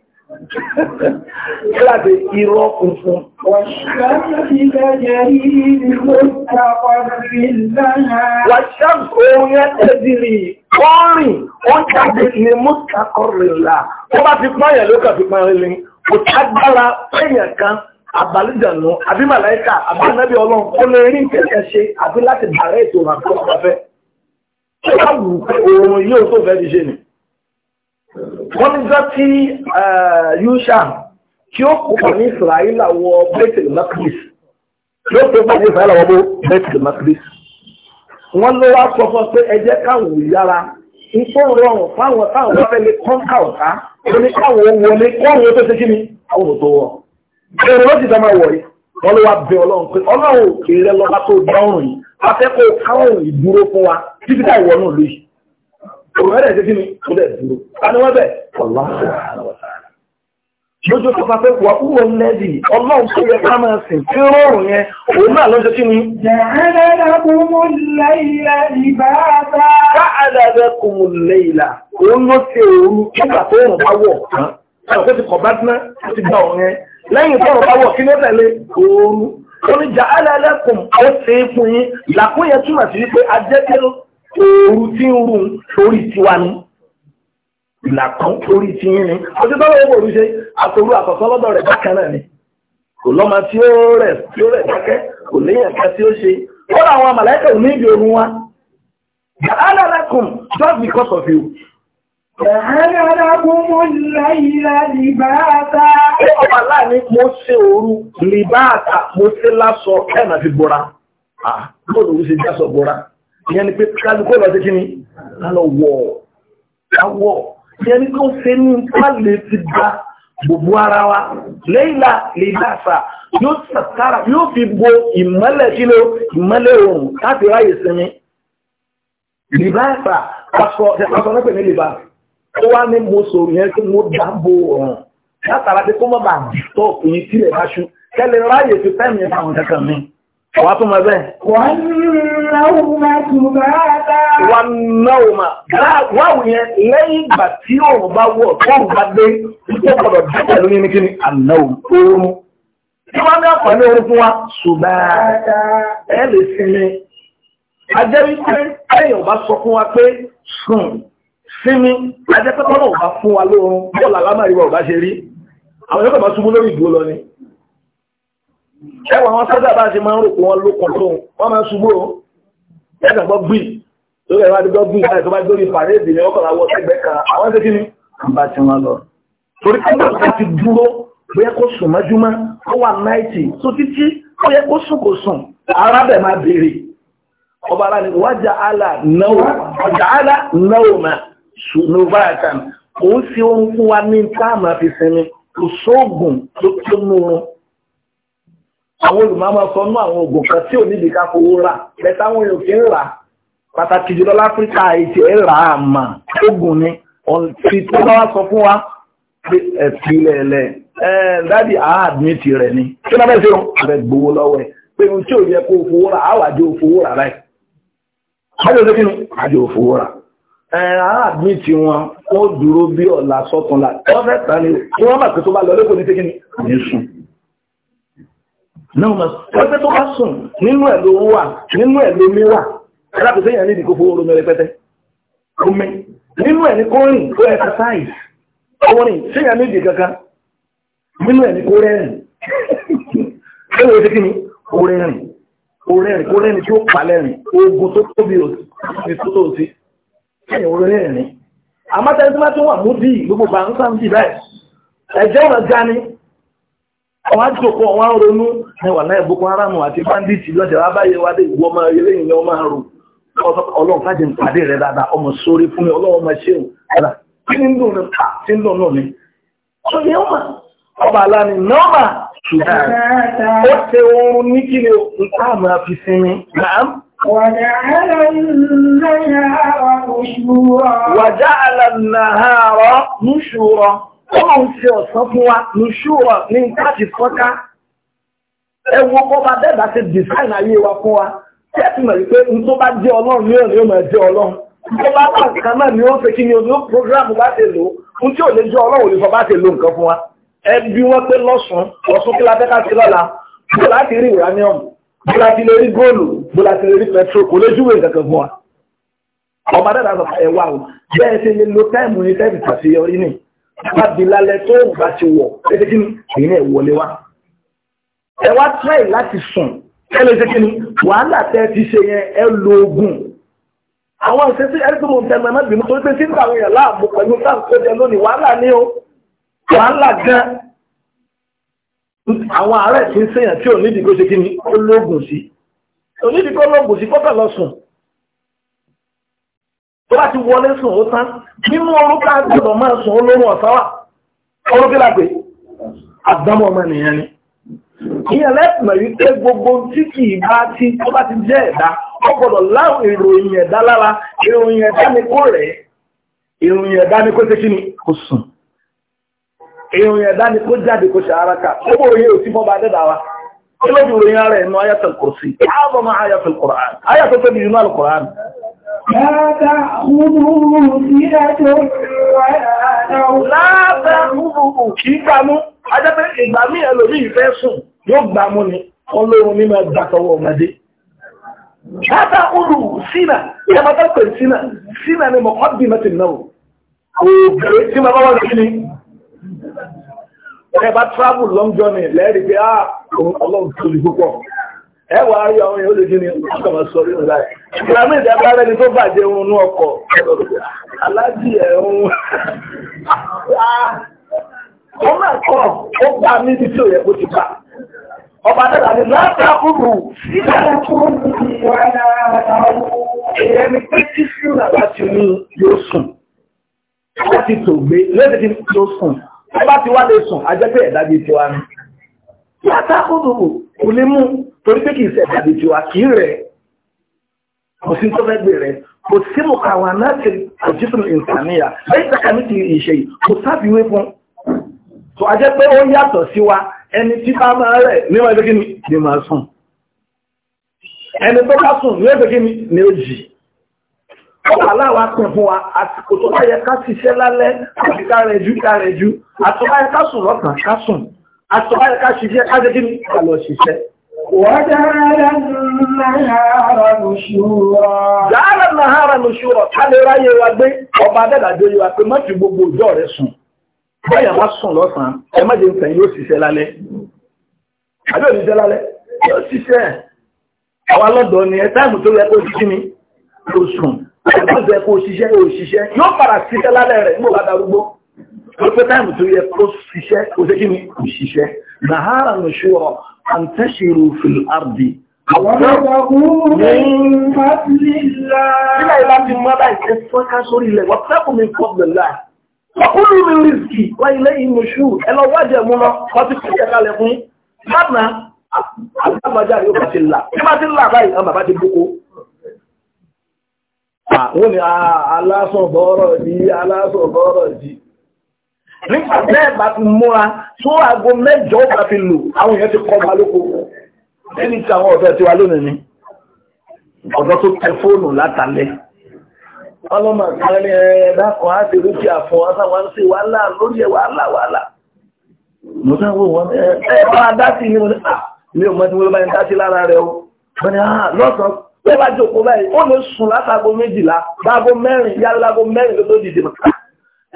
Kíláàdé irọ́ funfun. Wàṣán òun yẹn ẹ̀dìrì kọ́rìn, ó jáde ní mọ́tàkọ́rìnlá. Ó bá ti pààyàn ló kà fi pààyàn lè, kò tágbára pẹ̀yàn kan àbálìjànú àbí màláíkà àbí ọlọ́run kó lè rí wọ́n ní jọ́ tí yusha tí ó kópa ní israẹla wọ bethel makris yóò tó bá ní israẹla wọ bethel makris wọ́n ló wá sọ fún ọ pé ẹ jẹ́ káwọn yára nǹkan rọrùn fáwọn táwọn bá fẹ́ lè kọ́ńkà ọ̀tá ó ní káwọn wọlé káwọn tó ṣe kí ni àwọn ò tó wọ̀ èrò ló ti dá máa wọ̀ yìí wọ́n ló wá bẹ ọlọ́run pé ọlọ́run òkè rẹ lọ́ba tó dá yìí òun ẹ̀rẹ̀ ṣe kíni kó dẹ̀ dúró tani wọ́n bẹ̀ ọ̀la lójú tó fà pé wà wúwo lẹ́dì ọlọ́run tó yẹ ká máa sìn tí rọrùn yẹn òun náà ló kí ni. jàǹdà kùmù lẹ́yìnlá ìbáta. káàdàdà kùmù lẹ́yìnlá òun ló ṣe é fún yín làkúnyẹ túmọ̀ sí wípé ajẹ́ òru tí ń rùn sórí tiwa ni ìlà kan sórí ti yín ni ojú tó lọ́wọ́ òru ṣe àtòrú àkọ́kọ́ lọ́dọ̀ rẹ̀ bákan náà ni kò lọ́mọ tí ó rẹ̀ tí ó rẹ̀ dákẹ́ kò léyìn ẹ̀ka tí ó ṣe wọ́n àwọn àmàlẹ́kẹ̀ ò ní ìdí orun wa yàrá just because of you. Yàrá lákùn mo láyìlá Ṣé ọba láàní mo ṣe òru libáàtà mo ṣe lásọ kẹ́ẹ̀nà fi bora? Ah, bóòlù ó ṣe jásọ bora ìyẹn ni pé kálukú ọ̀rọ̀ títí ni lálọ́ wọ̀ àwọ̀ ìyẹn ni kó ṣe ní pàlè ti gba gbogbo ara wa lẹ́yìnlá lèlàṣà yóò sàtàrà yóò fi bo ìmọ́lẹ̀ kílò ìmọ́lẹ̀ oòrùn láti ráyè sinmi lèlàṣà aṣọ ẹ̀kọ́ lọ́pẹ̀ ní lèlà ó wá ní mo sọ yẹn tí wà tó máa bẹ́ẹ̀. wọ́n náà ma wáwù yẹn lẹ́yìn ìgbà tí òun bá wọ̀ tóun bá dé tó gbọdọ̀ dé pẹ̀lú ní kíni ànáwó oorun. tí wọ́n ní àǹfààní oorun fún wa ṣùgbọ́n ẹ lè sinmi. ajẹ́ wípé ẹ̀yìn wa pé sùn sinmi ajẹ́ pẹ́pẹ́ náà ọba fún wa lóorun bọ́ọ̀lù alámàrí wa ọba ṣe rí àwọn yóò kọ́ bá túbú lórí ìdúró lọ ni ẹwà wọn sọ́jà bá ṣe máa ń rò pé wọ́n ló kàn tó wọ́n máa ń ṣubú o ẹ̀sán gbọ́ gbìn lórí ẹ̀rọ adigun gbìn láì tó bá dórí pàrẹ́ẹ̀dì ni ọkọ̀ làwọ̀ ẹgbẹ́ kan àwọn ṣe kí ni bá ti wọn lọ. torí kí wọ́n bá ti dúró bóyá kó sùn mọ́júmọ́ ó wà náìtì tó títí bóyá kó sùn kó sùn ara bẹ̀ máa béèrè ọba ara ni wájà àlà náwó ọjà àlà náwó mà sùnúbà kan òun fi ní táàmù àfi sinmi kò sóògùn àwọn olùmọ́mọ́ sọ ní àwọn ògùn kan tí ò níbi ká fowó rà lẹ́tà àwọn èèyàn kì í rà pàtàkì jùlọ láfíríkà ètò ẹ̀ rà á mà ogun ni ọ̀nàtì tó bá wá sọ fún wa pé ẹ̀sìn ilẹ̀ ẹ̀lẹ̀ ẹ̀ dáàdì àádmìtì rẹ̀ ni kí ló bẹ́ẹ̀ ṣe wọn rẹ̀ gbowó lọ́wọ́ ẹ̀ pé ohun tí ò yẹ kó fowó rà á wà jẹ́ òfowó rà láì ájò sí kínú ájò òfowó rà ẹ̀ àádmìtì wọn wọ́n dúró bí ọ̀la sọ́tún la wọ́n tán ni wọ́n bà pé tó bá lọ lẹ́kọ̀ọ́ náà lọ pẹ́pẹ́ tó bá sùn nínú ẹ̀ ló wà nínú ẹ̀ ló mi wà alákòóso èèyàn nídìí kó pete. lómi rẹpẹtẹ omi nínú ẹ̀ ní kó rìn kó exercise orin séèyàn ni kó rẹ́rìn kó rẹ́rìn kó rẹ́rìn tí ó pa lẹ́rìn ogun tó tóbi òsì tó tó òsì tí wọ́n mú gbogbo bá ń báyìí wọ́n á jòkó wọ́n ronú ẹwà náà Boko àti bandits lọ́jọ́ abáyé wa dé ìwọ ọmọ ilé ìyẹn ọmọ àrò ọlọ́run fàájì ń pàdé rẹ̀ dáadáa ọmọ sórí fún mi ọlọ́run ọmọ ṣéun ẹ̀dà kí ni ń dùn ní tí ń náà ni. ọmọ ọba nọ́ọ̀mà ṣùgbọ́n ó ṣe oorun ní kí ni nǹkan ọlọ́run ṣe ọ̀sán fún wa ní ṣúwọ̀ ní láti fọ́ká ẹwọ́ ọba bẹ́ẹ̀bá ṣe dìsáìn ayé wa fún wa tẹ́tìmọ̀ wípé n tó bá jẹ́ ọlọ́run ní òní òmò ẹ̀jẹ́ ọlọ́run tó bá wà nǹkan náà ni ó fẹ́ kí ni ojú prógrámù bá ṣe lò ó tí ò lè jẹ́ ọlọ́run òní sọ bá ṣe lò nǹkan fún wa ẹ bí wọ́n pé lọ́sàn-án lọ́sùn kí la fẹ́ ká ṣe lọ́la bó láti rí uranium bó láti lè rí góòlù bó láti lè rí petrol kò lè bá di lálẹ́ tó bá ti wọ̀ ẹsẹ̀ kí ni èyí náà wọlé wá. ẹ wá tíráì láti sùn ẹlẹ́ ṣe kí ni wàhálà tẹ́ ti ṣe yẹn ẹ lo oògùn. àwọn ìṣesí ẹni tó mọ ń tẹnu ẹ má bínú torí pé tí ń bá àwọn èèyàn láàbò pẹ̀lú táǹkó jẹ lónìí wàhálà ni ó wàhálà gan. àwọn àárẹ̀ tí ń ṣèyàn tí ò nídìí kó ṣe kí ni ó lóògùn sí. ò nídìí kó lóògùn sí kọ́kà lọ sùn. tó bá ti wọlé sùn ó tán nínú orúkọ àgbẹ̀dọ̀ máa sùn olórun ọ̀sán wà orúkọ làgbé àdámọ́ ọmọ nìyẹn ni ìyẹn lẹ́tùmọ̀ yìí pé gbogbo tí kì í bá tí tó bá ti jẹ́ ẹ̀dá ó láwọn ìròyìn ẹ̀dá lára ìròyìn sùn ìròyìn ẹ̀dá ni kó jáde kó ká ó mọ́ لا تأخذوا سنة ولا تأخذوا kìí gbámú ajẹ́pẹ́ ìgbà mí ẹlòmí ìfẹ́ sùn yóò gbámú ni ọlọ́run ní máa gbàtọwọ́ ọmọdé látà olù sínà ní ẹmọ́tọ́ pè sínà sínà ni mọ̀ ọ́bí mẹ́tì náà òògùn tí ma bá wọ́n kí ni ẹ bá travel long journey lẹ́rìí pé ah ọlọ́run tó lè púpọ̀ ẹ wà á rí àwọn èèyàn ó lè kí ni ó kà máa sọ nínú láì ìgbàmí ìjọba rẹni tó bàjẹ́ ohun inú ọkọ̀ aláàjì ẹ̀hún ah! ọmọ ẹ̀kọ́ ó gbà mí ní tí ò yẹ kó ti gbà ọba dẹ́gbà ní láti àkúrú ìgbà tó ìyẹn ni pé tí sùn àbá ti ní yóò sùn ó ti tò gbé lẹ́sẹ̀ tí yóò sùn ó bá ti wá lè sùn ajẹ́pẹ́ ẹ̀dá bíi tiwa ni láti àkúrú kò lè mú torí pé kì í ṣẹ̀dá bíi tiwa kì í rẹ̀ kò sí tó fẹ́ bẹ̀rẹ̀ kò sí mọ̀ àwọn aláṣẹ àjíṣùn ìsàníyà lẹ́yìn takamiti ìṣe kò sáfiwé fún tó a jẹ́ pé ó yàtọ̀ sí wa ẹni tí bá máa rẹ̀ níwọ̀n ẹgbẹ́ kíni ni máa sùn ẹni tó bá sùn ní ẹgbẹ́ kíni ni ó jì ó wà láwa pin fún wa àsìkò tó bá yẹ وجعل na نشورا جعل النهار نشورا tàbí ráyé wa gbé ọba dẹ́dàjọ́ yíwa pé má fi gbogbo òjò rẹ̀ sùn báyà má sùn lọ́sàn ẹ má jẹ́ ń tẹ̀yìn yóò ṣiṣẹ́ lálẹ́ àbí ò ṣiṣẹ́ lálẹ́ yóò ṣiṣẹ́ àwa lọ́dọ̀ ni ẹ táìmù tó yẹ kó ṣiṣẹ́ ni kó antashiru fil ardi Ọkùnrin mi rìsìkì wá ilé ìmòṣù ẹlọ wájẹ̀ mú lọ, wọ́n ti kí ẹ̀ka lẹ̀ fún bábà àgbàgbàjá yóò bá ti là. Bí bá ti là báyìí, àwọn bàbá ti bókó. Àwọn ni alásọ̀bọ̀ọ̀rọ̀ yìí, alásọ̀bọ̀ọ̀rọ̀ yìí nígbà bẹ́ẹ̀ bá ti múra tó aago mẹ́jọ bá fi lò àwọn èèyàn ti kọ́ ọba lóko ẹni tí àwọn ọ̀dọ́ ti wá lónìí ni ọ̀dọ́ tó tẹ fóònù látàlẹ́ ọlọ́mọ àkàrẹ́ ni ẹ̀ẹ́dá kan á ti rí kí àfọ̀ àtàwọn ṣe wàhálà lórí ẹ̀ wàhálà wàhálà mo sá wò wọ́n ẹ̀ bá a dá sí ní ilé ọmọ tí wọ́n bá ń dá lára rẹ̀ o wọ́n ni lọ́sàn-án pé bá jókòó báyìí ó lè sùn látago méjìlá báago mẹ́rin yálà láago mẹ́rin ló dìde mọ́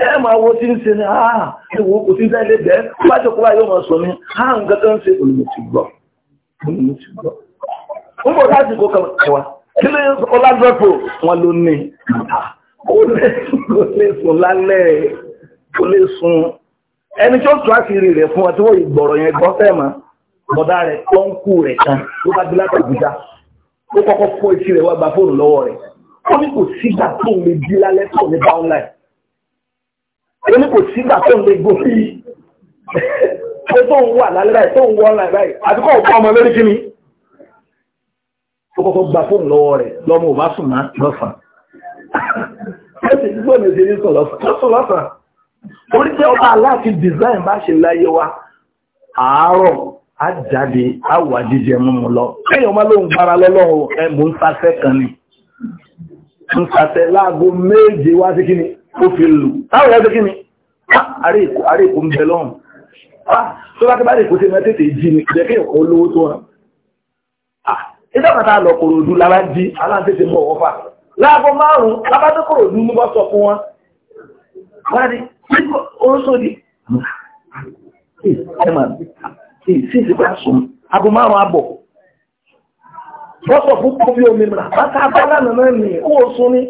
ẹ máa wo tí ń ṣe ní àà ìwò kò sí sẹ́lẹ̀ bẹ́ẹ̀ bá jọ kúrò yóò máa sọ ní àà ah, nǹkan tó ń ṣe olùmọ̀tì gbọ́ olùmọ̀tì gbọ́ ń bọ̀ láti kó kan ẹwà kí ló ń sọ ládọ́pọ̀ wọn ló ní kó ah, lè sùn lálẹ́ kó lè sùn ẹni tí ó tún àṣírí rẹ̀ fún ọ tí wọ́n ìgbọ̀rọ̀ yẹn gbọ́ fẹ́ mọ́ bọ̀dá rẹ̀ tó ń kú rẹ̀ kan ló bá dé láti Àbújá ó kọ́kọ́ fọ́ etí rẹ̀ wá gba fóònù lọ́wọ́ rẹ̀ ó ní kò sígbà tó lè dí lálẹ́ ó ní kò sígbà tó ń lè gòrí pé tó ń wà lálẹ́ báyìí tó ń wọ́n láì báyìí àti kọ́ ọ̀pọ̀ ọmọ lórí kíni tó kọ́kọ́ gba fóònù lọ́wọ́ rẹ̀ lọ́mọ ò bá sùn má lọ́sàn ẹ̀sìn gbọ́nà ìṣe ní sùn lọ́sàn orí pé ọba aláàfin design bá ṣe láyé wa àárọ̀ á jáde á wà jíjẹ múmu lọ kéèyàn má ló ń gbára lọ́lọ́run ẹ mò ń sáfẹ́ kan ni ń sáfẹ́ láago méje wá sí kíni ó fi lù táwọn ẹgbẹ́ kí ni àrí èkó ń bẹ lọ́rùn tó bá kí bá rí èkó sí mẹ́tẹ̀ẹ̀tì jí ni jẹ́ kí ẹ̀kọ́ olówó tó rán ìjọba lọ kòròdú lára jí aláǹtẹ̀tẹ̀ mọ̀ wọ́fà láàbọ̀ márùn-ún lábátẹ́ kòròdú mú bọ́ sọ fún wọn láti orósòdì ìsìnkú àsùn abo márùn-ún àbọ̀ bọ́sọ̀ fún kófí omi mìíràn bá tá a bá lánàá náà nì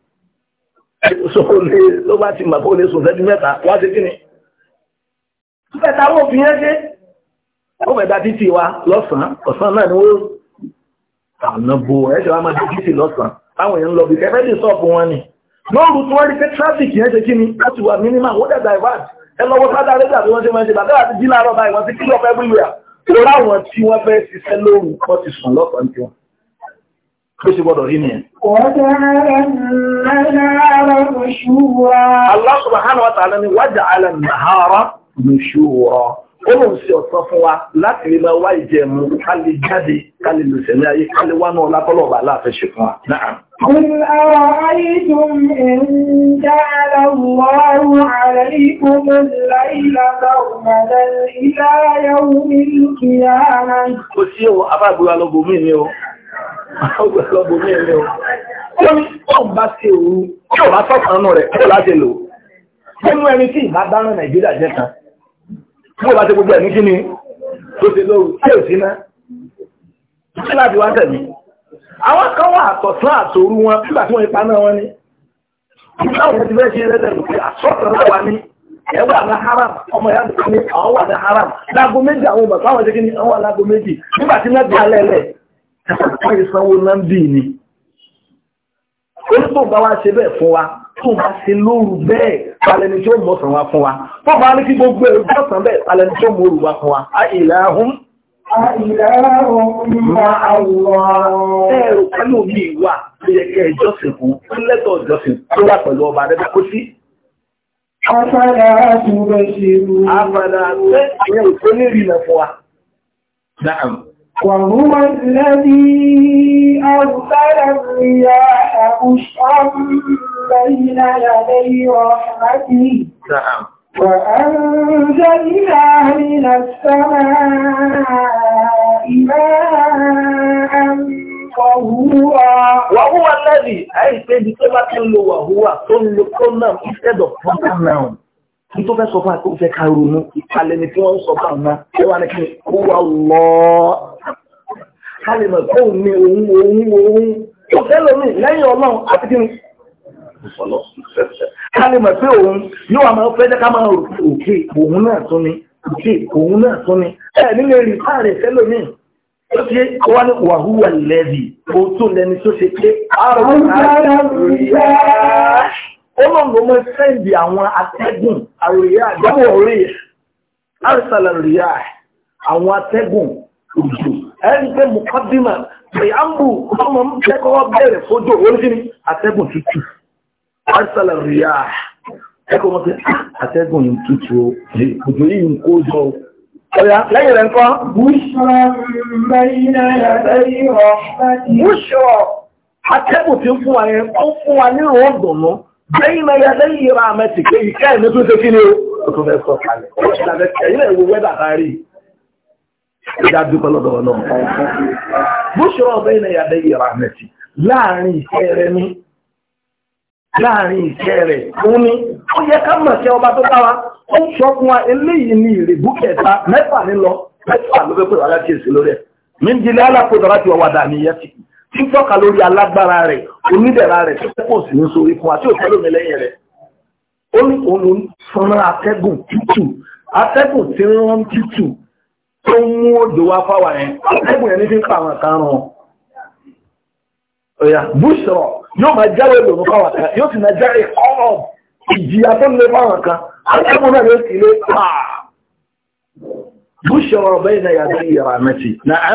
sọ̀rọ̀ ló bá ti màbó lè sùn sẹ́jú mẹ́ta wá sí kíni. mẹ́ta wọ́n fi yẹn ṣe ó mẹ́ta títì wa lọ́sàn-án ọ̀sán náà ni wọ́n àná bo ẹ̀ṣẹ̀ wa máa di títì lọ́sàn-án táwọn èèyàn ń lọ bí kẹfẹ́ lè sọ́ọ̀bù wọn ni. lóòrù tí wọ́n rí pé tráfíkì yẹn ṣe kí láti wà mínimà ó dẹ̀ divert ẹ lọ́wọ́ sádà rẹ́gbà bí wọ́n ṣe máa ń ṣe bàtà àti jí láàárọ̀ báyìí wọ́n ti kí lọ́pẹ́ everywhere. ó tó ṣe gbọ́dọ̀ rí nìyẹn. Allah subhanahu wa ta'ala ni waja'ala an-nahara nushura. Ó lòun sí ọ̀sán fún wa láti rí máa wá ìjẹ̀mú ká lè jáde ká lè lòsẹ̀lẹ̀ ayé ká lè náà lápọ́lọ̀ bá Kò sí o, àbá ìbúra ni o ọgbà lọ́bọ̀ ní ẹ̀lẹ́ o tí ó ní ọ̀n bá ṣe òru tí ò bá sọ̀kan nù rẹ̀ kó láti lò nínú ẹni tí ìbá bá rán nàìjíríà jẹ́ kan tí ó bá ṣe gbogbo ẹ̀mí kí ni tó ṣe lóru tí ò sí náà tí láti wá tẹ̀lé àwọn kan wà àtọ̀sán àtòru wọn nígbà tí wọ́n ipa náà wọ́n ní láwọn ti fẹ́ ṣe rẹ́tẹ̀ lò wà ní ẹwà àná haram ọmọ ìyá mi ní àwọn wà ní haram láago méjì àwọn ọmọ ìpáwọn ṣe ẹ̀fọ́ ìsanwó náà bì ní onígbò bá wá ṣe bẹ́ẹ̀ fún wa tó bá ṣe lóru bẹ́ẹ̀ palẹni tí ó mọ̀sán wa fún wa tó bá ní kí gbogbo ẹ̀rù mọ̀sán bẹ́ẹ̀ palẹni tí ó mọ̀rù wa fún wa a ìlàhún ẹ̀rù pẹ̀lú mi wà tó yẹ kẹ́ ìjọsìn fún lẹ́tọ̀ ìjọsìn tó wà pẹ̀lú ọba rẹ̀ kó sí Afẹ́lẹ́ àtúnbẹ̀ وهو الذي أرسل الرياح بشرا بين يدي رحمته نعم وأنزلنا من السماء ماء طهورا وهو الذي أي سيدي كما تلو وهو تلو كنا instead of proper noun kí tó fẹ́ sọ fún àkókò fẹ́ ká ronú ìpalẹ̀ ni tí wọ́n ń sọ fún àwọn ọmọ tí wọ́n á ní kí ni kó wà lọ́ọ́ kálímọ̀ tó ń ní ohun ohun ohun ọ̀fẹ́ lómi lẹ́yìn ọlọ́run àti kí ni kálímọ̀ pé òun yóò àmọ́ fẹ́ jẹ́ ká máa òkè òun náà tún ni òkè òun náà tún ni ẹ nílé rí káàrẹ̀ fẹ́ lómi ó ti wá ní wàhúwà lẹ́bi ó tó lẹni tó ṣe pé àrùn ọlọ́run ló mọ sẹ́ǹdì àwọn atẹ́gùn àròyà àgbáwọ̀ rí àrùsàlà rí àwọn atẹ́gùn òjò ẹni pé mùkọ́dìmà pẹ̀yàmbù ọmọ kẹ́kọ̀ọ́ bẹ̀rẹ̀ fojú òun kí ni atẹ́gùn tútù arsala ríà ẹkọ̀ wọn pé ah, atẹ́gùn tútù òjò yìí ń kó jọ ọ̀yà lẹ́yìn rẹ̀ nǹkan. búṣọ atẹ́gùn tí ń fún wa yẹn ó fún wa ní ìrọ̀ ọ̀dọ̀nà lẹ́yìn náà yàtọ̀ yìí ra àmẹ́tì pé ìkẹ́ ẹ̀ ní tó ṣe kí ni o. ó tún fẹ́ sọ kalẹ̀ ó ṣe ìjà dúpẹ́ lọ́dọ̀ ọlọ́run bó ṣe wà bẹ́ẹ̀ náà yàdẹ́ yìí rahmeti láàrin ìfẹ́ rẹ ní láàrin ìfẹ́ rẹ̀ fún ní ó yẹ ká mọ̀ sí ọba tó bá wa ó ń sọ fún wa eléyìí ní ìrìbú kẹta mẹ́fà nílọ mẹ́fà ló fẹ́ pè wá láti èsì lórí ẹ̀ mí ń di ilé alákòódọ́rá ti wà dà níyẹn ti tí ń tọ́ka lórí alágbára rẹ̀ onídẹ̀ra rẹ̀ tó fẹ́ pò sí ní sórí fún wa tí ò tẹ́lẹ̀ mi lẹ́yìn rẹ̀ ó ní òun fúnra atẹ́gùn tútù atẹ́gùn tí ń rán tútù tó mú òjò wá fáwà yẹn ẹgbùn yẹn ní fi ń pa àwọn kan rán ọ̀yà búṣọ̀ yóò máa jáwé lòun fáwà kan yóò sì máa jáwé ọ̀rọ̀ ìjìyà tó lé fáwà kan ẹgbùn náà yóò sì lé pa búṣọ̀ ọ̀bẹ́ ìnà yàtọ̀ ìyàrá mẹ́tì náà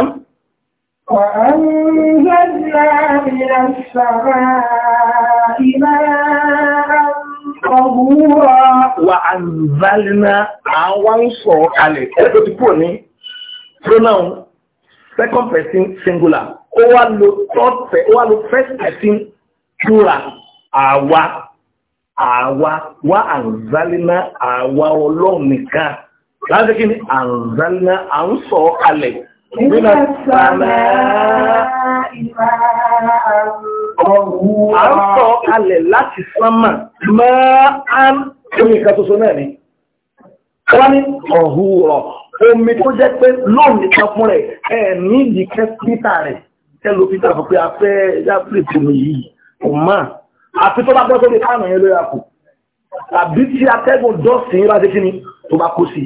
وأنزلنا من السماء ماء طهورا وأنزلنا àwọn pronoun second person singular ó wá lo third person ó wá lo first person plural àwa àwa wá àǹzálínà àwa ọlọ́run nìkan láti kí ni àǹzálínà à ń sọ kalẹ̀ nínú sàmà à ń sọ kalẹ̀ láti sánmà máa ń kí ni ìkàtòsó náà ni wọ́n ní ọ̀húrọ̀ omi tó jẹ́ pé lónìí kan fún rẹ̀ ẹ̀ ní ìdíkẹ́ pítà rẹ̀ tẹ́ ló pítà fún pé afẹ́ yáfẹ́ ìtòmí yìí kò mọ̀ àti tó bá gbọ́ sórí káàmù yẹn ló yà kù tàbí tí atẹ́gùn dọ́sìn yín bá ṣe kí ni tó bá kó sí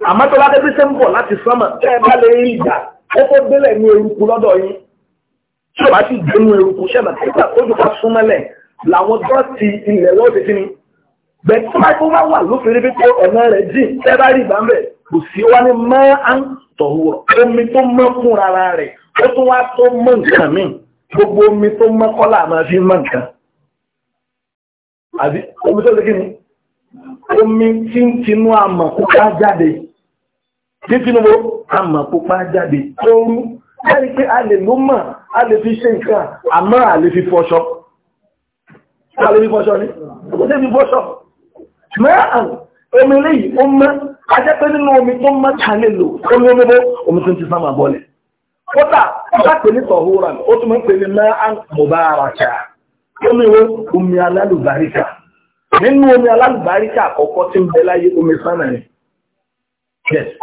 i àmọ́ tó bá débí sẹ́ ń bọ̀ láti sánmà tẹ́ ẹ bá lè rí ìjà ó tó délẹ̀ ní eruku lọ́dọ̀ yín tí ò bá sì dé nu eruku ṣẹ̀mà tẹ́gbà tó jù ká súnmọ́lẹ̀ làwọn dọ́ọ̀tì ilẹ̀ wọ́ọ̀dì kí ni bẹ̀ẹ́ tí wọ́n bá wà lófin rí pé ọ̀nà kò sí wá ní máa ń tọ̀wọ̀ omi tó mọ́ fún rárá rẹ̀ ó tún wá tó mọ́ nǹkan mí gbogbo omi tó mọ́ kọ́là máa fi mọ́ nǹkan àbí omi tó lékí ni omi tí ń tinú àmọ̀ pupa jáde tí tinubu àmọ̀ pupa jáde tó rú láti pé a lè ló mọ̀ a lè fi ṣe nǹkan àmọ́ a lè fi fọṣọ a lè fi fọṣọ ni kò sí fi fọṣọ mẹ́ àrùn omi léyìí ó mọ́ ajẹ́pẹ́ nínú omi tó ń mọ́ta lè lò omi omi bó omi tó ń ti sáma bọ́lẹ̀. kódà bá pè ní sọ̀húra ó tún máa ń pè ní máa ń mubaraka omi wo omi alálùbáríkà nínú omi alálùbáríkà àkọ́kọ́ tí ń bẹ láyé omi sánà ni.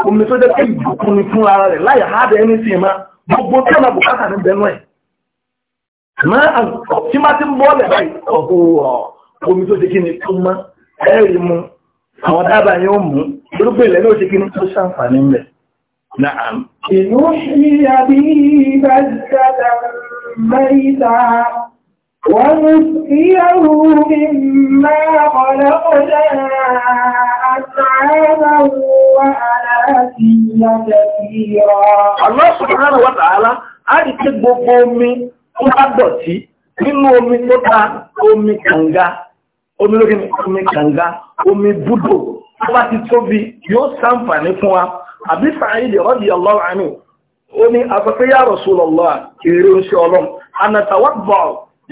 omi tó jẹ́ pé ìbùkún ni fún ara rẹ̀ láyà á bẹ ẹni sí ma gbogbo tí ọ̀nà bùkátà ní bẹnu ẹ̀. máa ń tí máa ti ń bọ́ọ̀lẹ̀ báyìí ọ̀hún àwọn dábàá yóò mú irúgbé ilẹ̀ ló ṣe kí ní tó ṣàǹfààní ń bẹ̀. Na'am. Ìlú ṣí àbí bá mẹ́ta wọ́n sí ẹrù ìmọ̀ ọ̀lọ́pọ̀lẹ́ àtàràwọ̀ aláàtì yàtẹ̀ sí omi lókè omi kànga omi búdò tó bá ti tóbi yóò ṣàǹfààní fún wa àbí Sa'id radiyallahu anhu ó ní afẹ́fẹ́ ya Rasulullah èrè oṣù ọlọ́m anatawadda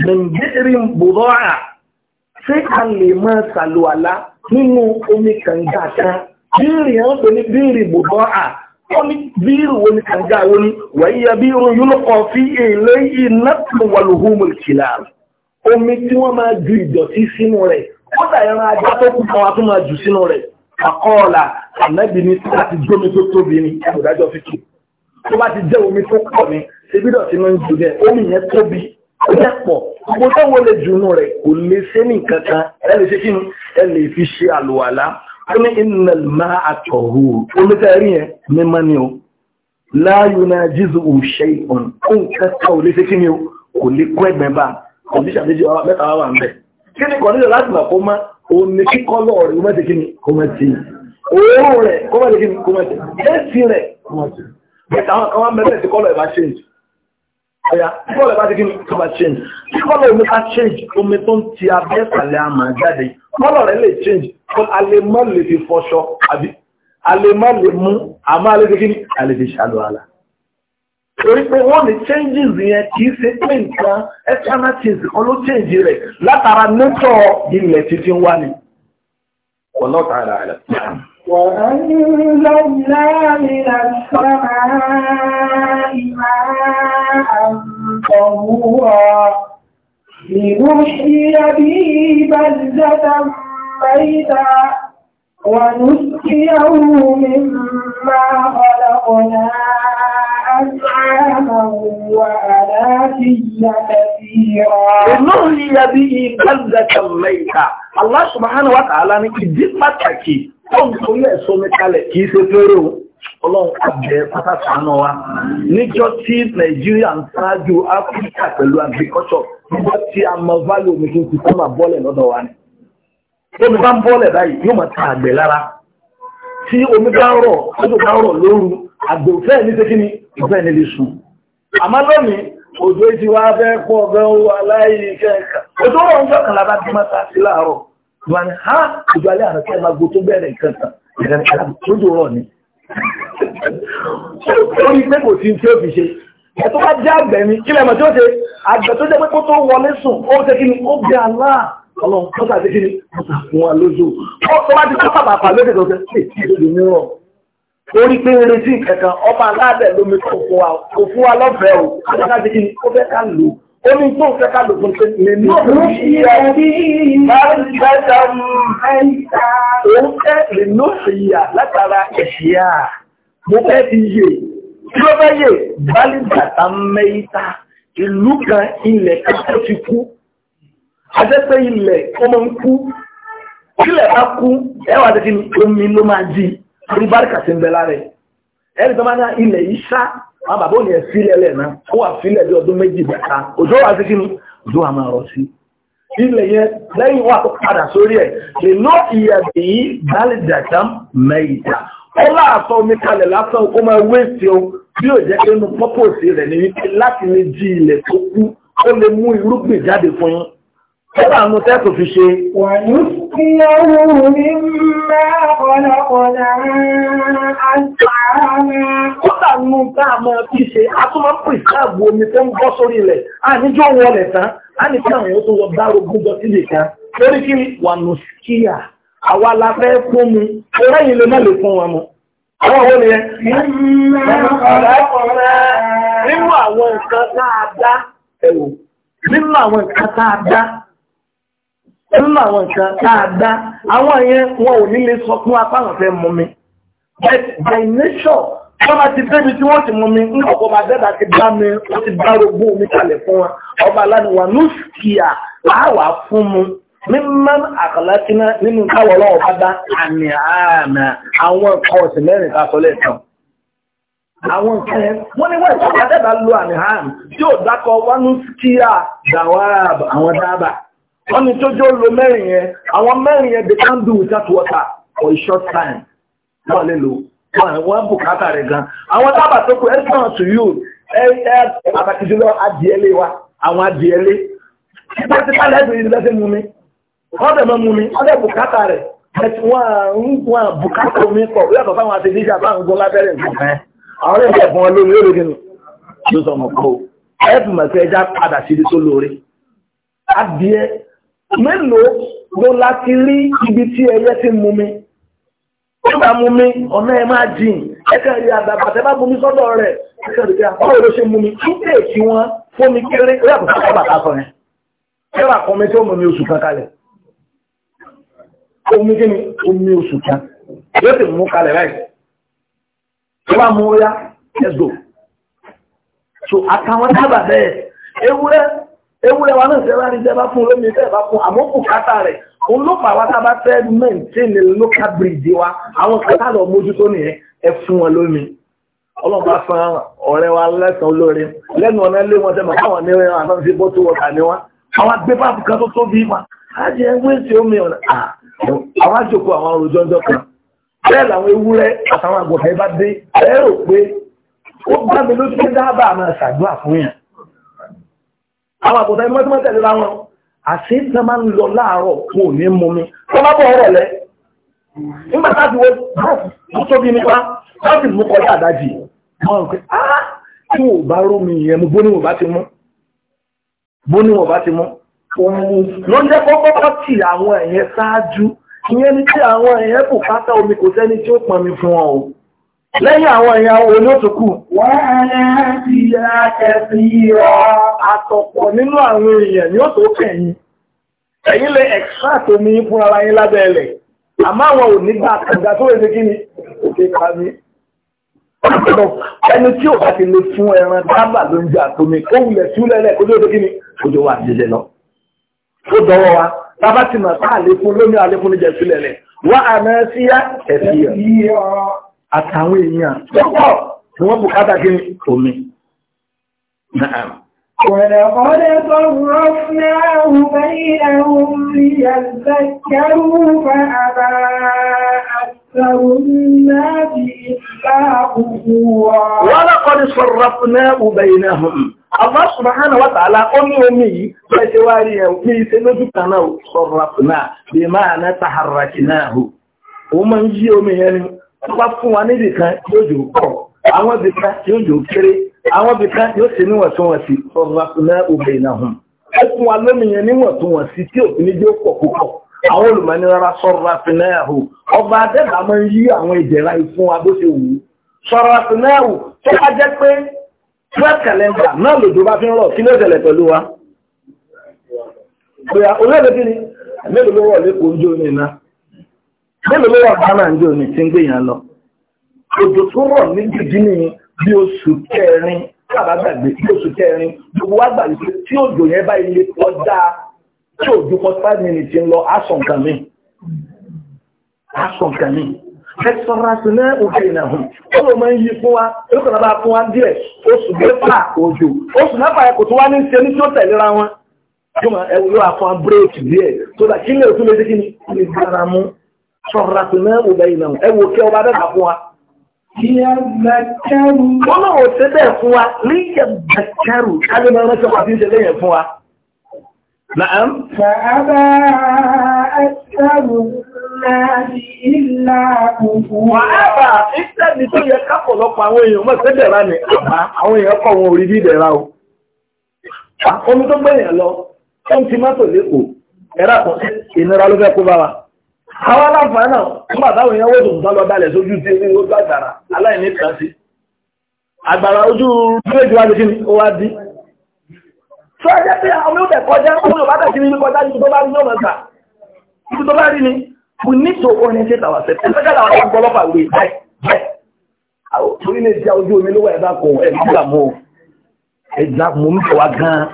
min bi'rin budaa ṣé a lè máa ṣàlùwàlá nínú omi kànga kan bíìrì yẹn ń pè ní bíìrì budaa wọ́n ní bíìrì wo ni kànga wo ni wàyí ya bíìrì yúlọ́kọ̀ fi èlé ìnàtìwàlùhùmùl kìláàrù omi tí wọ́n máa ju ìdọ̀tí sínú rẹ̀ ó dàyẹ̀rọ ajá tó kú kan tó máa jù sínú rẹ̀ àkọọ́là ànábì ni láti gbómi tó tóbi ni ìdájọ́ fíkì tó bá ti jẹ́ omi tó pọ̀ ni ṣebí ìdọ̀tí ló ń jù jẹ́ omi yẹn tóbi ó yẹ pọ̀ gbogbo táwọn olè jùnú rẹ̀ kò lè ṣe ní nǹkan kan ẹ lè ṣe kí ni ẹ lè fi ṣe àlùwàlá ó ní innal ma'a tahur omi tẹ́ rí yẹn mímọ́ ni o la yunajizu shay'un òun kẹ́kọ̀ọ́ lè ṣe kí ni o kò lè kọ́ ẹ̀gbẹ́ bá a kọ̀díṣà méjì ọ̀rọ̀ mẹ́ta wà ń bẹ̀. kí ni kọ̀díṣà láti mà kó má òun ni kíkọ́ lọ́ọ̀ rẹ̀ kó má ti kíni kó má ti òórùn rẹ̀ kó má ti kíni kó má ti èsì rẹ̀ kó má ti. bẹ́ẹ̀ àwọn kọ́lọ̀ change. ọ̀yà kọ́lọ̀ ẹ̀ bá ti kíni kó má change. kíkọ́lọ̀ omi change omi tó ń ti abẹ́ ìsàlẹ̀ àmà jáde kọ́lọ̀ rẹ̀ lè change kó alẹ́ mọ́ lè fi fọṣọ àbí alẹ́ mọ́ lè mú àmọ́ alẹ́ ti kíni alẹ́ torí pé wọ́n ní changes yẹn kì í ṣe pé nǹkan external changes kan ló change rẹ̀ látara nature ilẹ̀ títí wá ni. والله تعالى أعلم وأنزلنا من السماء ماء طهورا لنحيي به بلدة ميتا ونسقيه مما خلقنا أنعامهم وأناسيا ya لنهلي به بلدة ميتة الله سبحانه وتعالى ní ìdí pàtàkì tó ń torí ẹ̀sọ́ mi kalẹ̀ kìí ṣe fẹ́rẹ̀ o ọlọ́run àgbẹ̀ pátá wa níjọ́ tí nàìjíríà ń ṣáájú áfíríkà pẹ̀lú agriculture níjọ́ tí ìfẹ́ níbi sùn àmọ́ lónìí òjò ti wá bẹ́ pọ̀ gan owó aláìkẹ́ òjò rọ̀ ń jọ́kàn lábá bí mọ́ta sí láàárọ̀ wọn ha òjò alẹ́ àrùn kẹ́ máa gbó tó bẹ̀rẹ̀ nǹkan kan ìrẹ̀lẹ̀ tójò rọ̀ ni orí pé kò sí tí ó fi ṣe ẹ̀ tó bá jẹ́ àgbẹ̀ ni kí lẹ́mọ̀ tí ó ṣe àgbẹ̀ tó jẹ́ pé kó tó wọlé sùn ó ṣe kí ni ó gbé aláà ọlọ́run tó ṣàṣe kí ni ó ṣàfihàn lójú ó tó bá ti tó pàpàpà lókè tó ṣe é ìṣòro mìíràn torí pé ń retí kankan ọba aláàbẹ̀ lómi kò fún wa lọ́fẹ̀ẹ́ o àdàkà ti kí ó fẹ́ ká lò ó ní tó fẹ́ ká lò fún tẹ́lẹ̀ ní ìlúṣìyà látara ẹ̀ṣìyà mo fẹ́ fi yè tí ó fẹ́ yè bálìgbàtà mẹ́ta ìlú kan ilẹ̀ kan ti kú ajẹ́pẹ́ ilẹ̀ ọmọ ń kú kílẹ̀ bá kú ẹwà tẹ́tí omi ló máa di torí báríkà ti ń bẹ lára ẹ̀ ẹ̀rí tó bá ná ilẹ̀ yìí ṣá àwọn bàbá ò ní ẹ̀ sílẹ̀ lẹ̀ náà ó wà sílẹ̀ bí ọdún méjì mẹ́ta òjò wà sí kínú òjò wà máa rọ̀ sí ilẹ̀ yẹn lẹ́yìn wà tó padà sórí ẹ̀ lè ná ìyà bìí dálẹ̀ dàjà mẹ́ta ó láàtọ̀ omi kalẹ̀ lásán kó máa wé sí o bí ò jẹ́ pé inú pọ́pọ́sì rẹ̀ ní wípé láti lè jí ilẹ̀ tó kú ó lè mú irúgbìn jáde fún yín Ẹgbà mú tẹ́kù fi ṣe. Wà ní kí ọrùn ní máa ọ̀nàkọ̀nà àtàrà. Kọ́tà mú káà mọ́ ṣe, a tún máa pè sáàbù omi tó ń bọ́ sórí ilẹ̀. àwọn èèyàn tó Nínú àwọn nǹkan tá dá, ẹ̀wò, nínú àwọn nǹkan tá dá, nínú àwọn nǹkan dáadáa àwọn yẹn wọn ò nílé sọ fún apá fẹ́ mú by nature wọ́n máa ti débi tí wọ́n ti mú ní ọ̀pọ̀ máa dẹ́dà ti bá mi ó ti bá rogún omi kalẹ̀ fún wa ọba aláníwá nùsùkìyà láwàá fún mu mímọ́ àkàlákínà nínú káwọ̀ ọlọ́wọ́ bá dá àmì àmì àwọn nǹkan ọ̀sìn mẹ́rin ká sọ àwọn nǹkan yẹn wọ́n ní wọ́n ìfọ̀kadẹ́dà lo àmì àmì tí ò dákọ̀ wánú kíyà dàwárà àwọn dábàá wọ́n ní tójó lo mẹ́rin yẹn àwọn mẹ́rin yẹn they can do without water for a short time wọ́n lè lò wọ́n bùkátà rẹ̀ gan àwọn tábà tó kù ẹ̀sán to you ẹ ẹ àbàtì jùlọ adìẹlé wa àwọn adìẹlé títí títí lẹ́sìn yìí lẹ́sìn mú mi wọ́n dẹ̀ mọ́ mú mi wọ́n dẹ̀ bùkátà rẹ̀ ẹ̀sìn wọn wọn bùkátà wọn àti níṣà bá ń gbọ́ lábẹ́rẹ́ nǹkan ẹ̀ àwọn ọ̀rẹ́ ìṣẹ̀fún olórí lórí mélòó ló láti rí ibi tí ẹyẹ ti mú mi ó bá mú mi ọ̀nà ẹ máa jìn ẹkẹ rí àdàbà tẹ bá mú mi sọ́dọ̀ rẹ̀ ẹkẹ rí ah, báwo ló ṣe mú mi kí tè kí wọ́n fún mi kéré rí àbùkù tó bàtà sọ yẹn kí wà kọ́ mi tí ó mú mi oṣù kan kalẹ̀ ó mú kí ni ó mú mi oṣù kan yóò sì mú kalẹ̀ láì tó bá mú ó yá let's so àtàwọn dábàá bẹ́ẹ̀ ewúrẹ́ ewúrẹ́ wa náà sẹ́wárí jẹ́ bá fún olómi bẹ́ẹ̀ fún àmọ́ bùkátà rẹ̀ òun ló pàwá fẹ́ maintain local breed wa àwọn kátà lọ mójútó nìyẹn ẹ fún wọn lómi ọlọ́run bá san ọ̀rẹ́ wa lẹ́sàn-án olóore lẹ́nu ọ̀nà ilé wọn tẹ́ mọ̀ káwọn ní ẹran àtọ́ sí bọ́tò wọ̀tà ni wá àwọn agbé báàbù kan tó tóbi wa á jẹ ewé tí ó mi ọ̀nà àwọn àjòkó àwọn òròjọ́ ọjọ́ kan bẹ́ẹ̀ làwọn ewúrẹ́ àtàwọn àgbọ̀tà yìí bá dé ẹ rò pé ó bá mi lójú pé dábàá máa ṣàdúrà fún yàn àwọn àbòsá ẹni mọ́tí mọ́tí ẹ̀lera wọn àṣí tí wọ́n máa ń lọ láàárọ̀ kò ní mú mi tó bá bọ̀ ọ̀rọ̀ lẹ nígbà láti wo bọ́ọ̀fù tóbi nípa láti mú kọjá àdájì wọn pé ah tí ò bá rú mi yẹn mú bóní wọn bá ti mú bóní wọn bá ti mú ló ń jẹ́ kọ́kọ́ bá ti àwọn ẹ̀yẹn ṣáájú ìyẹn ni tí àwọn ẹ̀yẹn kò pátá omi kò sẹ́ni tí ó pọn mi fún wọn Lẹ́yìn àwọn ìyàwó olóòtùkù, wọ́n aláàbí akẹ́sí rọ àtọ̀pọ̀ nínú àwọn èèyàn ni ó tó kẹ̀yìn. Ẹ̀yin lè extract omi fún ara yín lábẹ́ ẹlẹ̀, àmọ́ àwọn ò ní gbà kàgbà tó rèé kí ni òkè ká ní. Ẹni tí ò bá ti lè fún ẹran dábà ló ń jà tómi, ó wulẹ̀ sí lẹ́lẹ̀ kó tó rèé kí ni òjò wà jẹjẹ lọ. Ó dọwọ́ wa, bàbá ti mọ̀ sáà lè fún lómi àlékún ní jẹ sílẹ̀ lẹ̀, wọ́n àmọ́ sí ẹ̀sìn àtàwọn èèyàn púpọ̀ ni wọ́n bùkátà kí omi náà ولقد صرفناه بينهم ليذكروا فأبى أكثر الناس wa ta'ala ó ní omi yìí bẹ́ẹ̀ ṣe wá rí ẹ̀wọ̀n ní ìṣe lójú kan náà sọ̀rọ̀ fúnà bí máa náà hù. Ó máa ń yí omi tó bá fún wa níbi kan yóò jò pọ̀ àwọn ibì kan yóò jò kéré àwọn ibì kan yóò ṣe níwọ̀ntúnwọ̀nsì ọ̀rọ̀lá òbẹ̀ ìnà hàn ó fún wa lómìnira níwọ̀ntúnwọ̀nsì tí òfin ní yóò pọ̀ púpọ̀ àwọn olùmọ̀nirara sọ̀rọ̀ àfináyàwó ọba adẹ́gbà máa ń yí àwọn ìdẹ̀ra ìfún wa bó ṣe wù ú sọ̀rọ̀ àfináyàwó tó bá jẹ́ pé twelve calendar náà lòdò bá fi ń rọ̀ kí náà mélòó ló wà bánà ń jẹ́ òní tí ń gbé yẹn lọ òjò tó rọ̀ ní gidi ní bí oṣù kẹrin kábàgbàgbé bí oṣù kẹrin gbogbo wa gbà wípé tí òjò yẹn bá ilé kọjá tí òjò kọ five minutes ń lọ aṣọ nǹkan mi aṣọ nǹkan mi ẹ̀sọ́rasì náà òkè ìnáhùn ó lọ máa ń yí fún wa olùkọ́nà bá fún wa díẹ̀ oṣù mẹ́fà òjò oṣù mẹ́fà ẹ̀kọ́ tó wá ní ṣe ní tí ó tẹ̀léra wọn yóò máa ẹ̀wọ́ àfọ̀n bírèkì díẹ̀ tó dà kí lè tún lè dé kí ni ìgbàramú sọ̀rọ̀tì náà wò bẹ́yìn náà ẹ wò kí ọba dẹ́gbà fún wa. wọ́n náà ò ṣe bẹ́ẹ̀ fún wa líyà bàkẹ́rù kájọba ránṣẹ́ wà fi ń ṣe lẹ́yìn fún wa. Nàám. Fàábà ẹ̀sẹ̀rù náà ìlà òkú. Wàhálà ìṣẹ́ni tó yẹ kápọ̀lọpọ̀ àwọn èèyàn mọ̀ sẹ́dẹ̀rà ni àbá àwọn èèyàn kọ̀ wọn orí dídẹ̀ra o. Omi tó gbẹ̀yìn lọ, ó ń ti mọ́tò lẹ́kọ̀ọ́, ẹ̀rọ àkọsí ìnira ló fẹ́ kó bá wa àwọn aláǹfààní náà nígbà táwọn èèyàn wòtò tó lọ dalẹ̀ sójú tí ní ojú àgbàrá aláìní kan sí àgbàrá ojú méjì wá lókè ó wá dí tó ẹ jẹ́ pé àwọn yóò bẹ̀ kọjá ó yóò bá tẹ̀ sí ní kọjá ní tó bá rí yóò mọ̀ta ibi tó bá rí ni we need to orientate ourselves especially àwọn ọgbọ́lọ́pàá wí báyìí báyìí orílẹ̀-èdè ojú omi ló wà ẹ̀dá kan ẹ̀dá mọ́ ẹ̀dá mọ́ ń bẹ̀ wá gan-an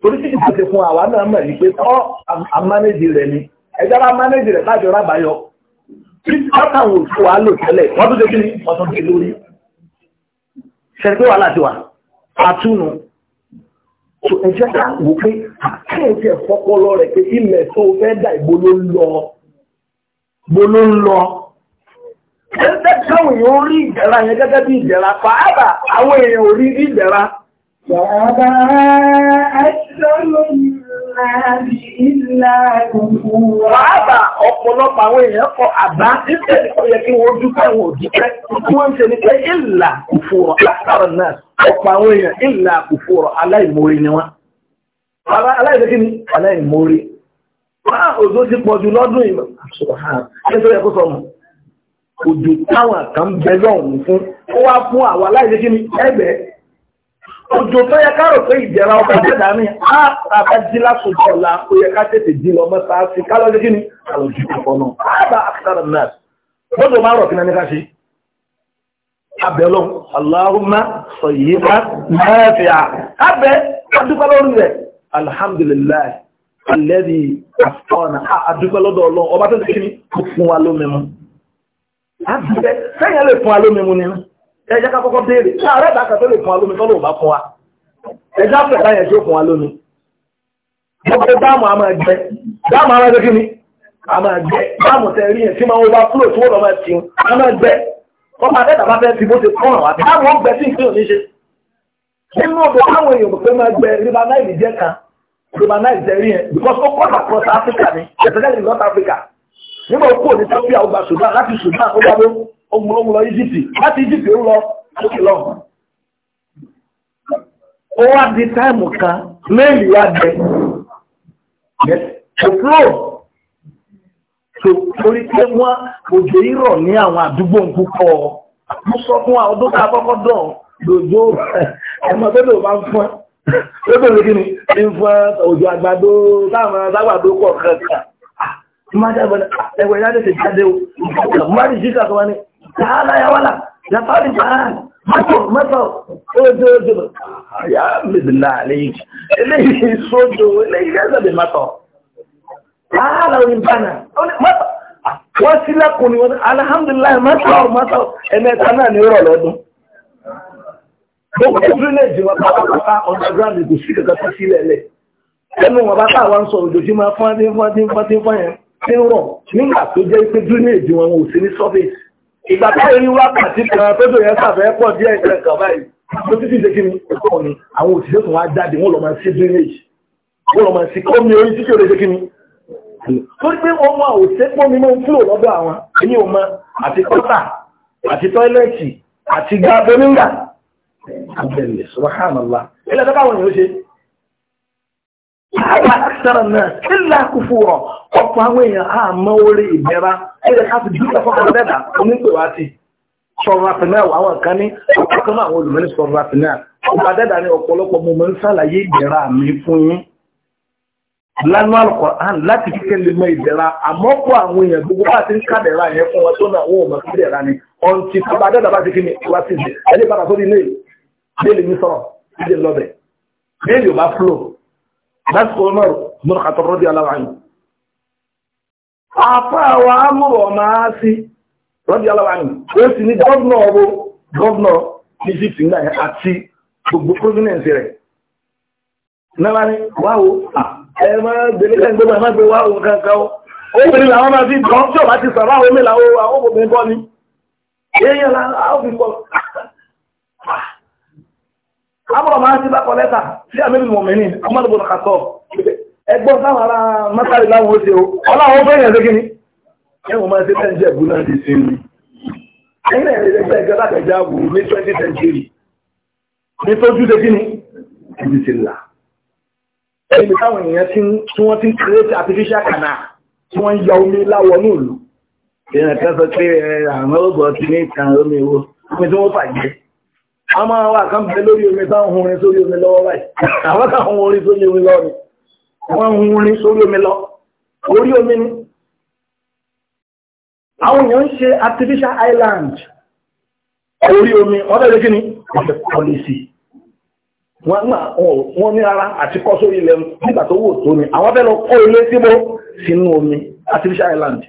torí títí kò ti fún àwa náà mọ̀ wípé àmánéjì rẹ̀ ni ẹjọ́ bá mánéjì rẹ̀ láti ọ̀rá àbáyọ látàwọn òṣù wa lò tẹ́lẹ̀ wọ́n tó ṣe kí ni ọ̀tún ti lórí ṣẹ̀gbẹ́ wa láti wà àtúnu tó ẹjẹ́ ká wò pé àkẹ́ẹ̀kẹ́ ẹ̀fọ́pọ́lọ́ rẹ̀ pé ilẹ̀ tó fẹ́ dà ìgbóló ń lọ gbóló ń lọ ẹgbẹ́ káwọn èèyàn rí ìdẹ̀ra yẹn gẹ́gẹ́ bí ìdẹ̀ra fàábà àwọn èèyàn ò rí ìdẹ̀ra. Bàbá àìsàn lóyún Wàhábà ọ̀pọ̀lọpọ̀ àwọn èèyàn kọ àbá nígbà tí ó yẹ kí wọ́n dúpẹ́ wọn ò wọ́n ń ṣe ni pé ìlà òfòrò látàrọ náà, ọ̀pọ̀ àwọn èèyàn ìlà òfòrò aláìmoore ni wọ́n. Bàbá aláìsẹ́ kí ni? Aláìmoore. Wọ́n òjò ti pọ̀ jù lọ́dún ìmọ̀. Ṣé tó yẹ kó sọmọ? Òjò táwọn kan bẹ lọ́hùn fún. Ó wá fún àwọn aláìsẹ́ kí ni? Ẹgbẹ̀ẹ́ òjò tó yẹ ká rò pé ìjẹra ọba jẹ́dá ní àbá jí lásòjò ọ̀la ó yẹ ká tètè jí lọ mọ́ta sí ká lọ́jọ́ kí ni àlòjù ìfọ̀ náà àbá àkàrà náà lọ́jọ́ máa rọ̀ kí ni ká ṣe. abẹ́ lọ aláhùnmá sọ yìí bá mẹ́fìá abẹ́ adúpẹ́ lórí rẹ̀ alihamdulilayi alẹ́dì àfọ̀nà adúpẹ́ lọ́dọ̀ ọba tó ti kí fún wa lómi mu. adúpẹ́ sẹ́yìn lè fún wa lómi mu nínú ẹjá ká kọ́kọ́ béèrè láàárẹ̀ ìdáka tó lè fún wa lómi tọ́lọ̀ ò bá fún wa ẹjá pẹ̀lá yẹn tí ó fún wa lómi gbogbo dáàmù a máa gbẹ dáàmù a máa gbẹ kí ni a máa gbẹ dáàmù tẹ rí yẹn tí máa wọ́n bá fúlò tí wọ́n lọ máa tiun a máa gbẹ ọmọ adẹ́ta bá fẹ́ fi bó ṣe kọ́ àwọn àti dáàmù ó gbẹ sí ìpín òní ṣe nínú odò táwọn èèyàn pé máa gbẹ river nile jẹ́ kan river nile tẹ rí yẹn because ó kọ́ across Africa ni especially North Africa nígbà ó kúrò ní Ethiopia ó gba Sudan láti Sudan ó gbàgbó ogun ló ń lọ Egypt láti Egypt ó lọ lókè lọ. ó wá di táìmù kan méèlì wá jẹ òfúrò torí pé wọ́n òjò irọ̀ ní àwọn àdúgbò púpọ̀ mo sọ fún wa ọdún tá kọ́kọ́ dàn lójó ọmọ bébè ò bá ń fún ẹ bébè kí ni ń fún òjò àgbàdo táwọn àgbàdo pọ̀ kankan. Ah, máa jáde ah, ẹ̀wẹ̀ jáde o. Máa rí tó wá ní تعالى يا ولد يا طالب تعال مطر مطر يا عم بالله عليك ليه صوته ليه كذا بمطر تعال وينبنى مطر wọ́n sílẹ̀kùn ni wọ́n ah, alhamdulillah mọ́tọ̀ mọ́tọ̀ ẹ̀mẹ́ta náà ní rọ̀ lọ́dún gbogbo village wọn pátápátá underground kò sí kankan tó sílẹ̀ lẹ̀ ẹnu wọn bá táwọn sọ ojoojúmọ́ fọ́ndín fọ́ndín fọ́ndín fọ́yẹn tí ń rọ̀ nígbà tó ìgbà táwọn ní wákàtí kan tó tó yẹn sàfẹ́ pọ̀ díẹ̀ ìṣẹ́ kan báyìí tó títí ṣe kí ni ẹ̀kọ́ ni àwọn òṣìṣẹ́ kan wá jáde wọ́n lọ máa sí drainage wọ́n lọ máa sí kọ́ mi orí títí òde ṣe kí ni. torí pé wọ́n mọ òṣìṣẹ́ pọ̀ mi máa ń fúlò lọ́dọ̀ àwọn ẹni ò àti kọ́tà àti tọ́ílẹ̀tì àti gáàbẹ́níngà. àbẹ̀lẹ̀ sọ́wọ́n hàn àbá sẹ́rẹ̀ náà sílá kúfù rọ̀ ọ̀pọ̀ àwọn èèyàn àmọ́ orí ìbẹ̀rà ẹ̀rẹ̀ ká fi dúpẹ́ fọ́kàn dẹ́dà onípè wá sí sọ̀rọ̀ àfẹ́nà àwọn kan ní ọ̀pọ̀lọpọ̀ àwọn olùmọ̀ ní sọ̀rọ̀ àfẹ́nà ọba dẹ́dà ní ọ̀pọ̀lọpọ̀ mo mọ̀ ń sàlàyé ìbẹ̀rà mi fún yín lánàá Al-Qur'an láti kíkẹ́ lè mọ ìbẹ̀rà àmọ́ kó àwọn èèyàn gbogbo bá ti ń lásìkò náà mọ́rọ̀ kàtọ́rọ́ di aláwáyé àfáàwà amúrọ̀ máa sí rọ́dí aláwáyé ó sì ní gọ́ọ̀nà ọ̀rọ̀ gọ́ọ̀nà egypt náà àti gbogbo provenance rẹ̀ náà ní wáwo ẹ máa gbélé lẹ́gbẹ́ máa gbé wáwo kankan ó obìnrin làwọn máa fi gbọ́n tí ọ̀bá ti sọ̀rọ̀ àwọn omi làwọn obìnrin bọ́ ni èèyàn láwọn fi pọ̀ àbúrọ̀ máa ń ti bákọ̀ lẹ́ta sí àmìlì mọ̀mìnì ọmọdébùn kàtọ́ ẹgbọ́n táwọn ará mọ́sálì láwọn oṣù o ọláwọ́ fẹ́yàn sí kíní ẹwọ̀n máa ṣe bẹ́ẹ̀ jẹ́ ẹ̀bù náà ti sí ní ẹ̀yìn ẹ̀rẹ́gbẹ́ ẹ̀gẹ́ látẹ̀já wù ní 20th century ní tójú ṣe kíní ẹ̀bù ti là ẹ̀yìn táwọn èèyàn tí wọ́n ti ń create artificial canal tí wọ́n ń ya omi láwọ ní òlù èèyàn kan sọ pé àwọn ọgbọ̀n ti ní ìtàn omi wo omi tí wọ́n fàgbé a máa wà kán bẹ lórí omi tán hun orin sórí omi lọ́wọ́ báyìí àwọn kan hun orin sórí omi lọ́wọ́ ni wọ́n hun orin sórí omi lọ orí omi ni àwọn èèyàn ń ṣe artificial island orí omi wọ́n bẹ̀rẹ̀ kí ni ọ̀fẹ́ pọ́lísì wọ́n gbà wọ́n ní ara àti kọ́ sórí ilẹ̀ nígbà tó wò tó ni àwọn bẹ́ẹ̀ lọ kọ́ ilé síbó sínú omi artificial island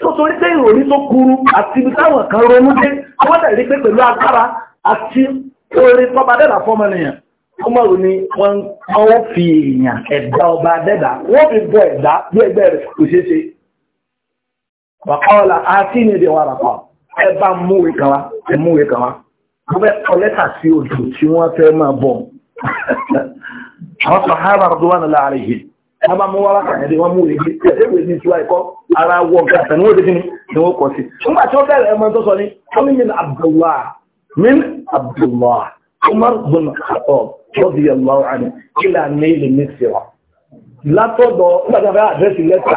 tó torí pé ìròyìn tó kúrú àti ibi táwọn kan ronú dé wọ́n dẹ̀ rí pé pẹ̀lú agbára àti orin tọ́ba dẹ́dà fọ́mọ nìyàn ọmọ rò ní wọ́n fi èèyàn ẹ̀dá ọba dẹ́dà wọ́n fi bọ ẹ̀dá bí ẹgbẹ́ rẹ̀ kò ṣeé ṣe wàkọ́ọ̀lá àti ìnìdè wà ràpá ẹ bá múwe kan wá ẹ múwe kan wá wọ́n fẹ́ kọ lẹ́tà sí odò tí wọ́n wọ́n bá mú wá wákà yẹn dé wọ́n mú ìdí ẹ̀ẹ́dẹ́gbẹ̀ ní ìtura ẹ̀kọ́ ara wọ nǹkan àtẹnu ó dégbé ni wọ́n kọ̀ sí. nígbà tí wọ́n bẹ̀rẹ̀ ẹ̀mọ́ tó sọ ní min abdullah min abdullah umar bin khattab radiyallahu anhu ila nílì mísírà látọ̀dọ̀ nígbà tí wọ́n fẹ́ àdírẹ́sì lẹ́tà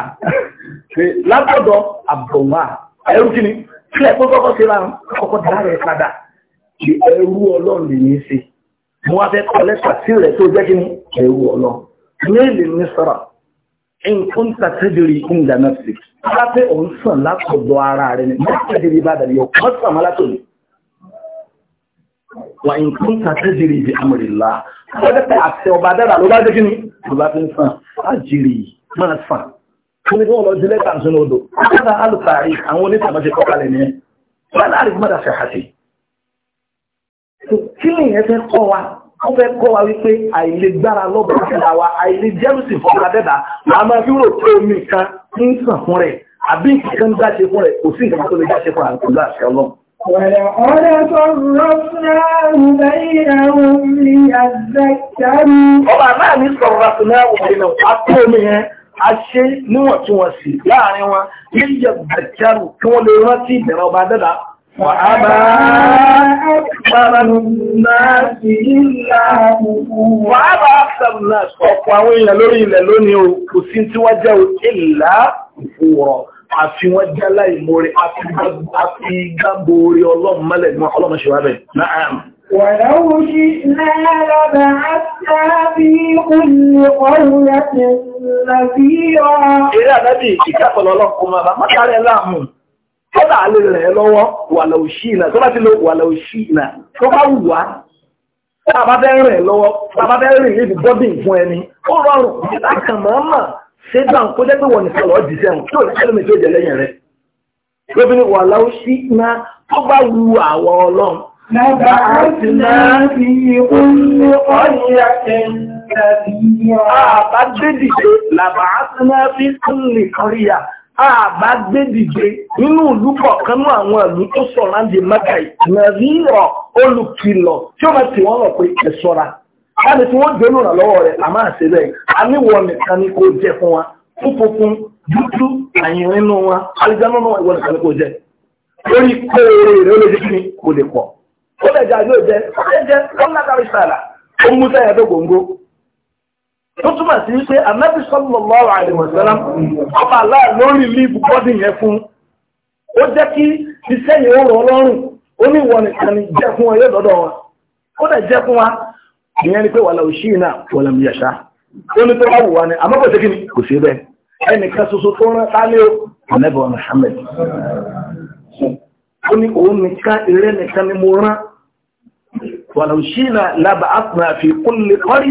látọ̀dọ̀ abdullah ẹrú kí ni kílẹ̀ tó kọ́kọ́ sí ra kọ́kọ́ dára ẹ̀ padà nílì mísọ́rọ̀ in kún tàtẹ́jìrì inda nafsi bá pé òun sàn látọ̀dọ̀ ara rẹ̀ ní tàtẹ́jìrì bá dàbí ọkọ̀ sàn látọ̀dọ̀ wà in kún tàtẹ́jìrì bí amrillah lọ́jọ́ pé àti ọba dára ló bá dé kí ni ló bá fi ń sàn àjìrì máa sàn kí ni wọ́n lọ sí lẹ́tà sínú odò ọ̀dà alùpàrí àwọn onítàmọ́sí kọ́kálẹ̀ ni ẹ̀ wọ́n láàrin mọ́dà fẹ́ hàtì kí ni ìyẹn fẹ́ kọ́ wa wọ́n fẹ́ kọ́ wa wípé àìlègbára lọ́bọ̀ ìṣẹ̀lá wa àìlèjẹ́rùsì fọ́nra dẹ́dà a máa fi rò pé omi kan ń sàn fún rẹ̀ àbí nǹkan dáṣe fún rẹ̀ kò sí nǹkan tó lè dáṣe fún àǹkó láṣẹ ọlọ́run. ولقد صرفناه بينهم ليذكروا. ọba náà ní صرفناه بينهم omi yẹn a ṣe níwọ̀ntúnwọ̀nsì láàrin wọn lè yẹ kí wọ́n lè rántí ìbẹ̀rẹ̀ ọba dẹ́dà وأبى أكثر الناس إلا وأبى أكثر الناس ọ̀pọ̀ àwọn èèyàn lórí ilẹ̀ lónìí o kò sí tí wọ́n jẹ́ ìlà ìfòrọ̀ àfi wọ́n jẹ́ láìmọ́rẹ́ àfi gbàgbó orí ọlọ́run mọ́lẹ̀ ní ọlọ́run ṣe wá bẹ̀ náà. ولو شئنا لبعثنا kọ́dà lè rẹ̀ lọ́wọ́ wàlàó ṣìnà tó bá ti lo wàlàó ṣìnà tó bá wù wá tàbá fẹ́ rìn lọ́wọ́ tàbá fẹ́ rìn níbi bọ́dì fún ẹni ó rọrùn nígbà kan mọ́ọ́mọ́ ṣé dáhùn kó jẹ́ pé wọ́n nìkan lọ́ọ́ di sẹ́wọ̀n tí ò ní tó jẹ lẹ́yìn rẹ̀ lóbìnrin wàlàó ṣìnà tó bá wu àwọn ọlọ́run لبعثنا في كل قرية نذيرا. آه بعد ذلك لبعثنا في كل قرية àbá gbé dìde nínú ìlú kọ̀ọ̀kan ní àwọn ìlú tó sọ̀rọ̀ láti mẹ́ta ìtìmẹ̀rí rọ̀ olùkìlọ̀ tí ó bá ti wọ́n rọ̀ pé ẹ sọ́ra láti tí wọ́n dẹnu rà lọ́wọ́ rẹ̀ àmọ́ àṣẹ bẹ́ẹ̀ àníwọ̀ nìkan ni kò jẹ́ fún wa fún funfun dúdú àyìn nínú wa alìjáná náà ìwọ nìkan ni kò jẹ́ lórí kóore rẹ̀ ó lè jẹ́ kí ni kò lè pọ̀ ó lè jẹ́ àjọ jẹ́ ó lè jẹ́ ó ń látàrí sàlà ó mú sẹ́yìn tó gbòǹgbò tó túmọ̀ sí wípé anábì sallallahu alaihi wasallam ọba aláà lórí líìbù bọ́dì yẹn fún ó jẹ́ kí iṣẹ́ yìí ó rọ̀ ọlọ́rùn ó ní ìwọ nìkan ni jẹ́ fún ọyọ́ dọ́dọ̀ wa ó dẹ̀ jẹ́ fún wa ìyẹn ni pé wàlà òṣìnà wàlà mìyàṣá ó ní tó wá wù wá ni àmọ́ kò kí ni kò sí bẹ́ẹ̀ ẹnìkan ṣoṣo tó rán tálé o ànẹ́bọ̀ Muhammad ó ní òun nìkan eré nìkan ni mo rán wàlà òṣìnà lábàá àpùnà àfikún lè kọ́rí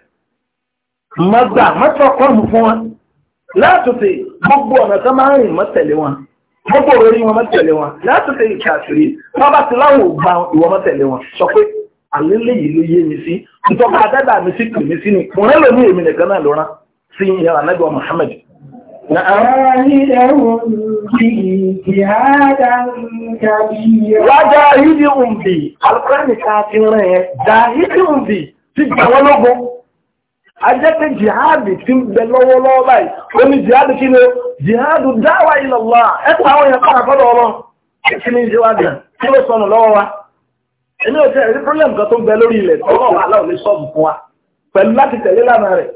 mọ́gbà mọ́tọ́kọ́mù fún wọn látòtè gbogbo ọ̀nà tó máa ń rìn mọ́tẹ̀lé wọn gbogbo orí wọn mọ́tẹ̀lé wọn látòtè ìkàṣírí wọ́n bá ti láwọn ògbà ìwọ mọ́tẹ̀lé wọn sọ pé àlélẹ́ yìí ló yé mi sí ìtọ́ka adágbà mi sí pè mí sí ni kùnrin ló ní èmi nìkan náà ló rán sí ìyá anábìwá Muhammad. Wájá ìdí òǹbì, alukọ́rẹ́ nìkan ajẹ́ pé jihadi ti ń bẹ lọ́wọ́lọ́wọ́ báyìí ó ní jihadi kí ni ó dáwà Allah ẹ̀kọ́ àwọn èèyàn padà fọ́dọ̀ ọlọ́ kí ni ìṣe wá dàn kí ló sọnù lọ́wọ́ wa èmi ò tẹ́ ẹ̀rí kan tó ń bẹ lórí ilẹ̀ ọlọ́run aláwọ̀ ní sọ́ọ̀bù fún wa pẹ̀lú láti tẹ̀lé lánà rẹ̀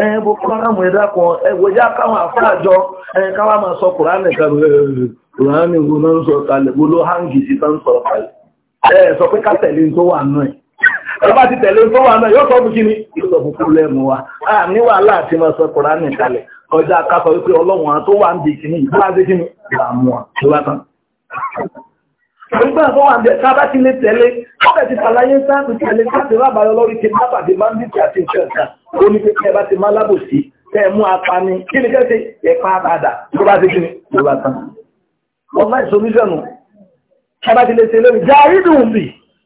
ẹ bó kọ́rámù ẹ̀dá kan sọ kùránì kan kùránì náà ń sọ kalẹ̀ ló ọba ti tẹ̀lé tó wà náà yóò sọ fún kíni yóò sọ fún pọ́lẹ́mù wa a ní wàhálà àti máa sọ Kùránì kalẹ̀ kọjá akásọ wípé ọlọ́wọ̀n tó wà ń di kíní ìgbàládé kíní ìlàmù wa tó bá tán. Nígbà tó wà ń bẹ̀ ká bá ti lè tẹ̀lé, ọbẹ̀ ti ṣàlàyé sáàtì tẹ̀lé sáàtì rábàáyọ lórí ti lábàdé máa ń dì ti ń ṣe ọ̀sán. Ó pé ẹ bá ti máa lábòsí, ẹ mú apani, ni kẹ́sì ẹ̀pá àdà tó bá ti kí ni tó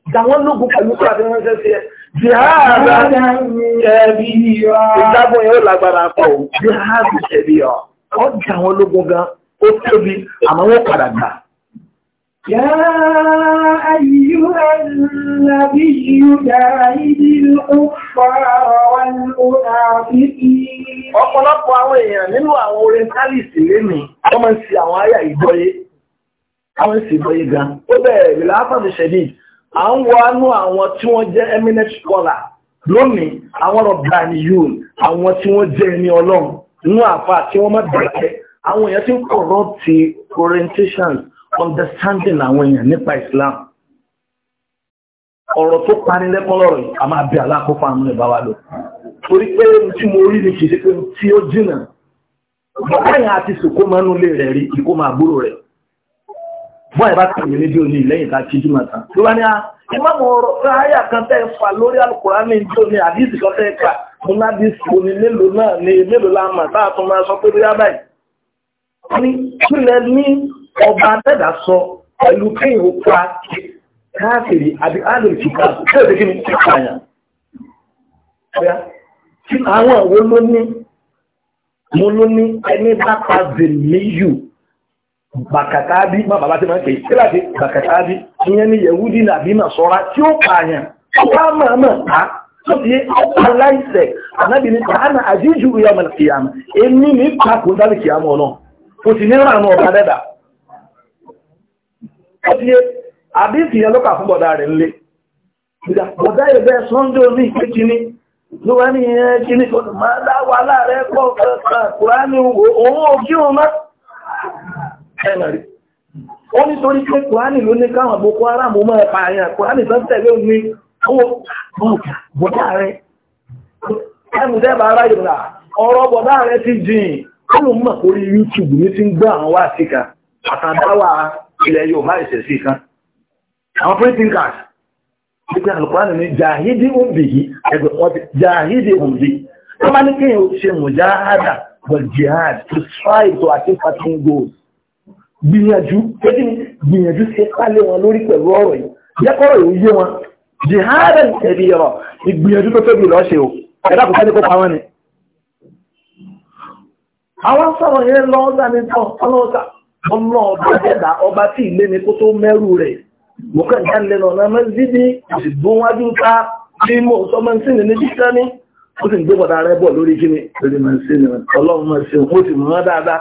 Ìjàwọn lógun pẹ̀lú pẹ̀lú àti ránṣẹ́ sí ẹ. Jìháàdà ṣẹ̀bí ọ̀. Ìjábọ̀ yẹn ó lágbára pọ̀ o. Jìháàdà ṣẹ̀bí ọ̀. Wọ́n jàwọn lógun gan, ó tóbi, àmọ́ wọ́n padà gbà. يا أيها النبي جاهد الكفار والمنافقين ọ̀pọ̀lọpọ̀ àwọn èèyàn nínú àwọn orientalist lénìí wọ́n máa ń ṣì àwọn àyà ìgbọ́yé wọ́n ń ṣì ìgbọ́yé gan ó bẹ̀rẹ̀ ìlàáfàmì ṣẹ̀díì à ń wọ anú àwọn tí wọ́n jẹ́ eminent scholar lónìí àwọn ọ̀bà ni yóò àwọn tí wọ́n jẹ́ ẹni ọlọ́run nínú àfa tí wọ́n má bẹ̀rẹ̀ àwọn èèyàn tí ń kọ̀rọ̀tì orientations understanding àwọn èèyàn nípa Islam ọ̀rọ̀ tó pani lẹ́kọ́ lọ́rọ̀ yìí a máa bí alákòófà àwọn ẹ̀bá wa lọ torí pé tí mo rí ni kì í ṣe pé tí ó jìnnà báyà àti sòkó máa ń lè rẹ̀ rí ìkó máa gbúrò rẹ̀ bọ́ ẹ̀ bá kàn mí níbi òní lẹ́yìn tá a ti jùmọ̀ tán. ló bá ní a ẹ má mọ ọ̀rọ̀ pé kan tẹ́ fà lórí alukurani ní ìjọ ni àdìsí kan tẹ́ ẹ kà mo ná bí omi mélòó náà ni mélòó la mà tá a tún máa sọ pé bóyá báyìí. wọ́n ní kílẹ̀ ní ọba dẹ́dà sọ pẹ̀lú kéèyàn pa káàkiri àbí àlòrì kíkà kéèyàn kí ni kí pààyàn. àwọn àwọn ló ní mo ló ní ẹni bá pa zèmíyù. bàkàtàbí má bàbá tí ma ń pè kíláàsì bàkàtàbí ìyẹn ni nàbí mà tí ó pààyàn màmá tó fi kàánà èmi ní pàkó ọ̀nà kò sì ní ràn dẹ́dà ó ti yé àbí ìfìyàn ló kà fún bọ̀dá rẹ̀ bọ̀dá ní ló wá ní ìyẹn kò máa dá pọ̀ kọ̀ọ̀kan onye rí ó nítorí pé kùránì ló ní káwọn boko haram máa pa àyàn kùránì tó ń tẹ̀lé omi owó bọ́ọ̀dà bọ́dà rẹ ẹ̀mù ara ọ̀rọ̀ ti jìn ó ló mọ̀ youtube ní ti ń gbọ́ àwọn wá síka àtàdáwà ilẹ̀ yorùbá ìṣẹ̀sí kan àwọn free thinkers ni alùpùránì ní jàhídì òǹbì yìí, ẹgbẹ̀ wọ́n ti jàhídì but jihad to strive to achieve certain goals. gbìyànjú tẹ́tí gbìyànjú sí pálẹ̀ wọn lórí pẹ̀lú ọ̀rọ̀ yìí jẹ́kọ̀rọ̀ yìí yé wọn jihadan tẹ̀bi ọ̀rọ̀ ìgbìyànjú tó tóbi lọ ṣe o ẹ̀dá kò sẹ́ni kó pa wọ́n ni. àwọn sọ̀rọ̀ yẹn lọ ọ́dà tán ọlọ́ọ̀ta ọlọ́ọ̀bá ẹ̀dá ọba tí ilé ni kó tó mẹ́rù rẹ̀ mo kàn já lẹ́nu ọ̀nà mẹ́sídì kò sì dún wájú ká bí mo sọ mẹ́sìnì ní títẹ́ ní ó sì ń gbé bọ̀dá rẹ̀ bọ̀ lórí kíni lórí mẹ́sìnì ọlọ́run mẹ́sìnì ó sì mọ́ dáadáa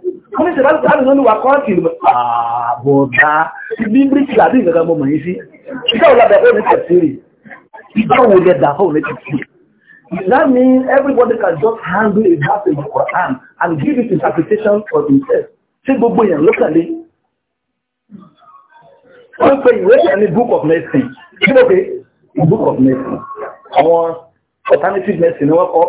wọ́n ní ṣẹ̀dá lùkọ́ àdùnnà wà kọ́ọ̀tì àbọ̀dá bí bíríkì àti ìgbàgbà mọ̀ yìí sí ìgbà wo lọ́dọ̀ fóònù tẹ̀sírì ìgbà wo lẹ́dà fóònù tẹ̀sírì That means everybody can just handle a verse in the and give it interpretation for himself. Ṣé gbogbo èèyàn ló tẹ̀lé? Wọ́n pe ìwé ẹ̀ ní Book of Medicine. Kí ló Book of Medicine? Àwọn alternative medicine ni wọ́n kọ́.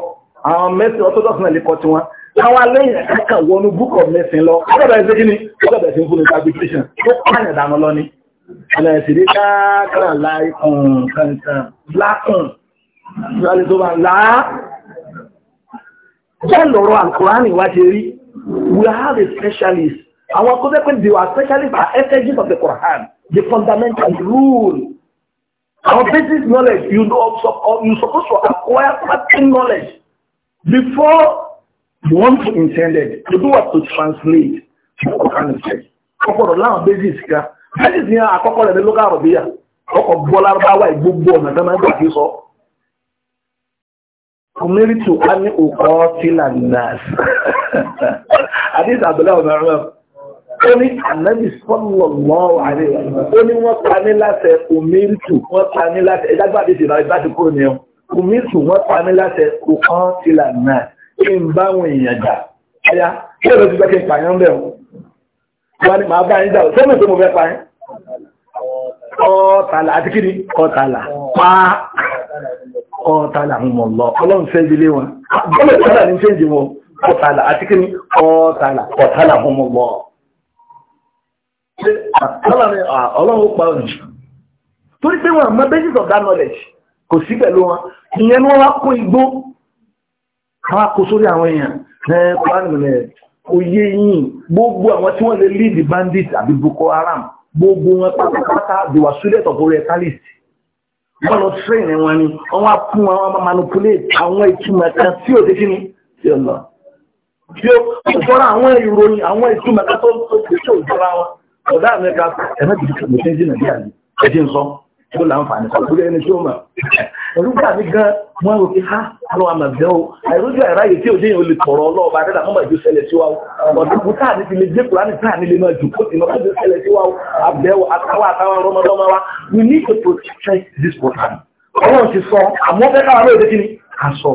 Àwọn medicine orthodox náà lè kọ́ one àwọn alẹ́yìn ẹ̀kà wọnú book of medicine lọ ọgbọ̀dọ̀ ẹ̀sẹ̀ kí ni ọgbọ̀dọ̀ ẹ̀sẹ̀ fún interpretation tó pààyàn ìdáná lọ ní ẹ̀sìrí káàkàrà láìkùn kankan lákùn láti tó bá láá jẹ́ lọ́rọ̀ alkùránì wá ṣe rí we have a specialist àwọn kó they were specialists are effigies of the Quran the fundamental rule our basic knowledge you know you supposed to acquire certain knowledge before the one who intended to do what to translate ọkàn ìṣẹ́ ọpọlọ láwọn basis kan basis yẹn àkọ́kọ́ rẹ̀ ní local arabia ọkọ̀ bọ́lárúbáwá ìgbógbó ọ̀nà tó máa ń gbà kí sọ. Kùmírìtù á ní òkọ́ tílà nàásì. Àdéhùn àbẹ̀lẹ̀ ọ̀nà rẹ̀ ó ní ànábì sọ́lọ̀ lọ́wọ́ àrẹ ó ní wọ́n pa ní láṣẹ kùmírìtù wọ́n pa ní láṣẹ ẹ̀dá gbàdéjì náà ìbá ti kúrò ní ẹ̀ kùmírìtù wọ́n pa ní láṣẹ òkọ́ tílà nàásì kí n bá àwọn èèyàn jà ẹ̀yà kí ẹ̀rọ ti fẹ́ kí n pààyàn bẹ̀ wọ́n wọ́n ni màá bá yín jà ó sẹ́mi tó mo fẹ́ pààyàn kọ́ọ̀tàlà àti kíni kọ́ọ̀tàlà pa kọ́ọ̀tàlà ń mọ̀ lọ ọlọ́run fẹ́ ìdílé wọn bọ́lẹ̀ kọ́ọ̀tàlà ní fẹ́ǹdì wọn kọ́ọ̀tàlà àti kíni kọ́ọ̀tàlà kọ́ọ̀tàlà ń mọ̀ lọ. ọlọ́run pa ọ̀jù torí pé wọn àmọ́ basis of that knowledge kò sí pẹ̀lú wọn ìyẹn ni wọ́n wá kó igbó káwà kó sórí àwọn èèyàn ẹ̀ pàánìlẹ̀ oyé yìí gbogbo àwọn tí wọ́n lè lead bandit àbí Boko Haram gbogbo wọn pátápátá they were students of orientalist wọ́n lọ train wọn ni wọ́n wá fún wọn wọ́n manipulate àwọn ìtumọ̀ kan tí ò dé kí ni tí ò lọ tí ó fọ́ra àwọn ìròyìn àwọn ìtumọ̀ kan tó tó tó jọra wọn ọ̀dà Amẹ́ríkà ẹ̀mẹ́bìdì kò mọ̀ sí ẹ̀jẹ̀ nàìjíríà ẹ̀jẹ̀ ń sọ tó láǹfààní sọ́kúrẹ́ ẹni tó mọ̀. Ẹ̀rúgbà mi gan wọ́n rò pé ha lọ àmà bẹ́ o. Àìrójú àìráyè tí òjé yẹn ò lè tọ̀rọ̀ ọlọ́ọ̀bà rẹ̀ làwọn máa sẹlẹ̀ sí wa o. Ọ̀dọ́ táà ní ti lè jẹ́ Kùránì táà ní lè máa jù kó tìǹbà ju sẹlẹ̀ sí wa o. àtàwọn àtàwọn ọmọdọ́mọ wa. We need to protect this program. Ọlọ́run ti sọ àmọ́ fẹ́ káwọn lóde kí ni? Aṣọ.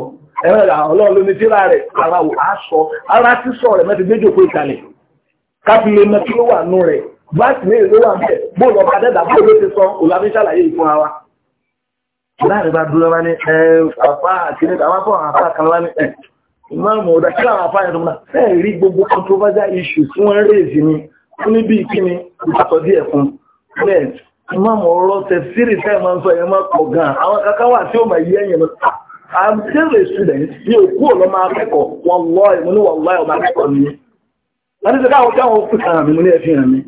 Ẹ̀rọ ọlọ́run ló ní tíra rẹ̀ ara wò aṣọ. Ara sísọ rẹ̀ mẹ́ta gbéjòkó ìkàlẹ̀. Káfílẹ̀ mẹ́ta ló wà nú rẹ̀. báàkì ní èdè wà bẹ́ẹ̀ bóòlù ọba dẹ́dà ti sọ olùwàbí ṣàlàyé ìfún ara láàrin bá dúró wá ní ẹ àfá àkíní àwọn afọ àfá kan lá ní ẹ ìmáàmù ọ̀dà kí àwọn afá yẹn tó múná rí gbogbo controversial tí wọ́n ni fún níbi ìkíni díẹ̀ fún ọ̀rọ̀ tẹ sírì máa ń sọ máa lọ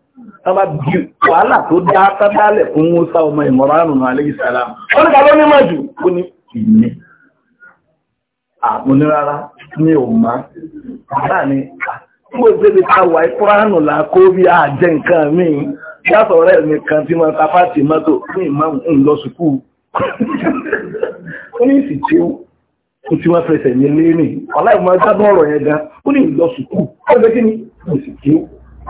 tọ́bá bí wàhálà tó dá tọ́dálẹ̀ fún Musa ọmọ ìmọ̀ránù alayhi salam wọ́n ní kàbọ́ ní mọ̀jù ó ní ìní àmúni rárá ní òmá bàbá ni mo ṣe lè ta wà ìkúránù là kó bí a jẹ nǹkan mi yàtọ̀ rẹ̀ mi kan tí máa tapá tì mọ́tò ní ìmọ̀ ń lọ sùkú ó ní ìsì tí ó tí wọ́n fẹsẹ̀ ní lé ní ọ̀la ìmọ̀ ẹgbẹ́ ọ̀rọ̀ yẹn ó ní ìlọ sùkú kí ni ìsì tí ó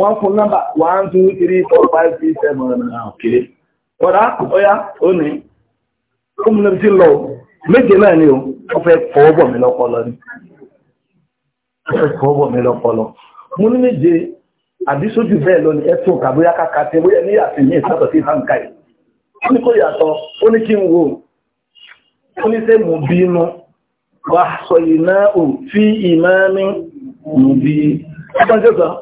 wọ́n fún nọ́mbà 1 2 3 4 5 6 7 náà kéré ọ̀rá ọ̀yá ó ní kúmùnà tí lọ méje náà ni ó fẹ́ fọwọ́bọ̀ mi lọ́pọlọ ni fẹ́ fọwọ́bọ̀ mi lọ́pọlọ mo ní méje àbí sójú bẹ́ẹ̀ lọ ní ẹ̀tún kàbóyá kàkà tí bóyá ní àfihàn ìsàtọ̀ sí hànkà yìí ó ní kó yàtọ̀ ó ní kí n wo ó ní sẹ́ mo bínú wàá sọ ìná òfin ìmọ̀ mi mo bí ọgbọ́n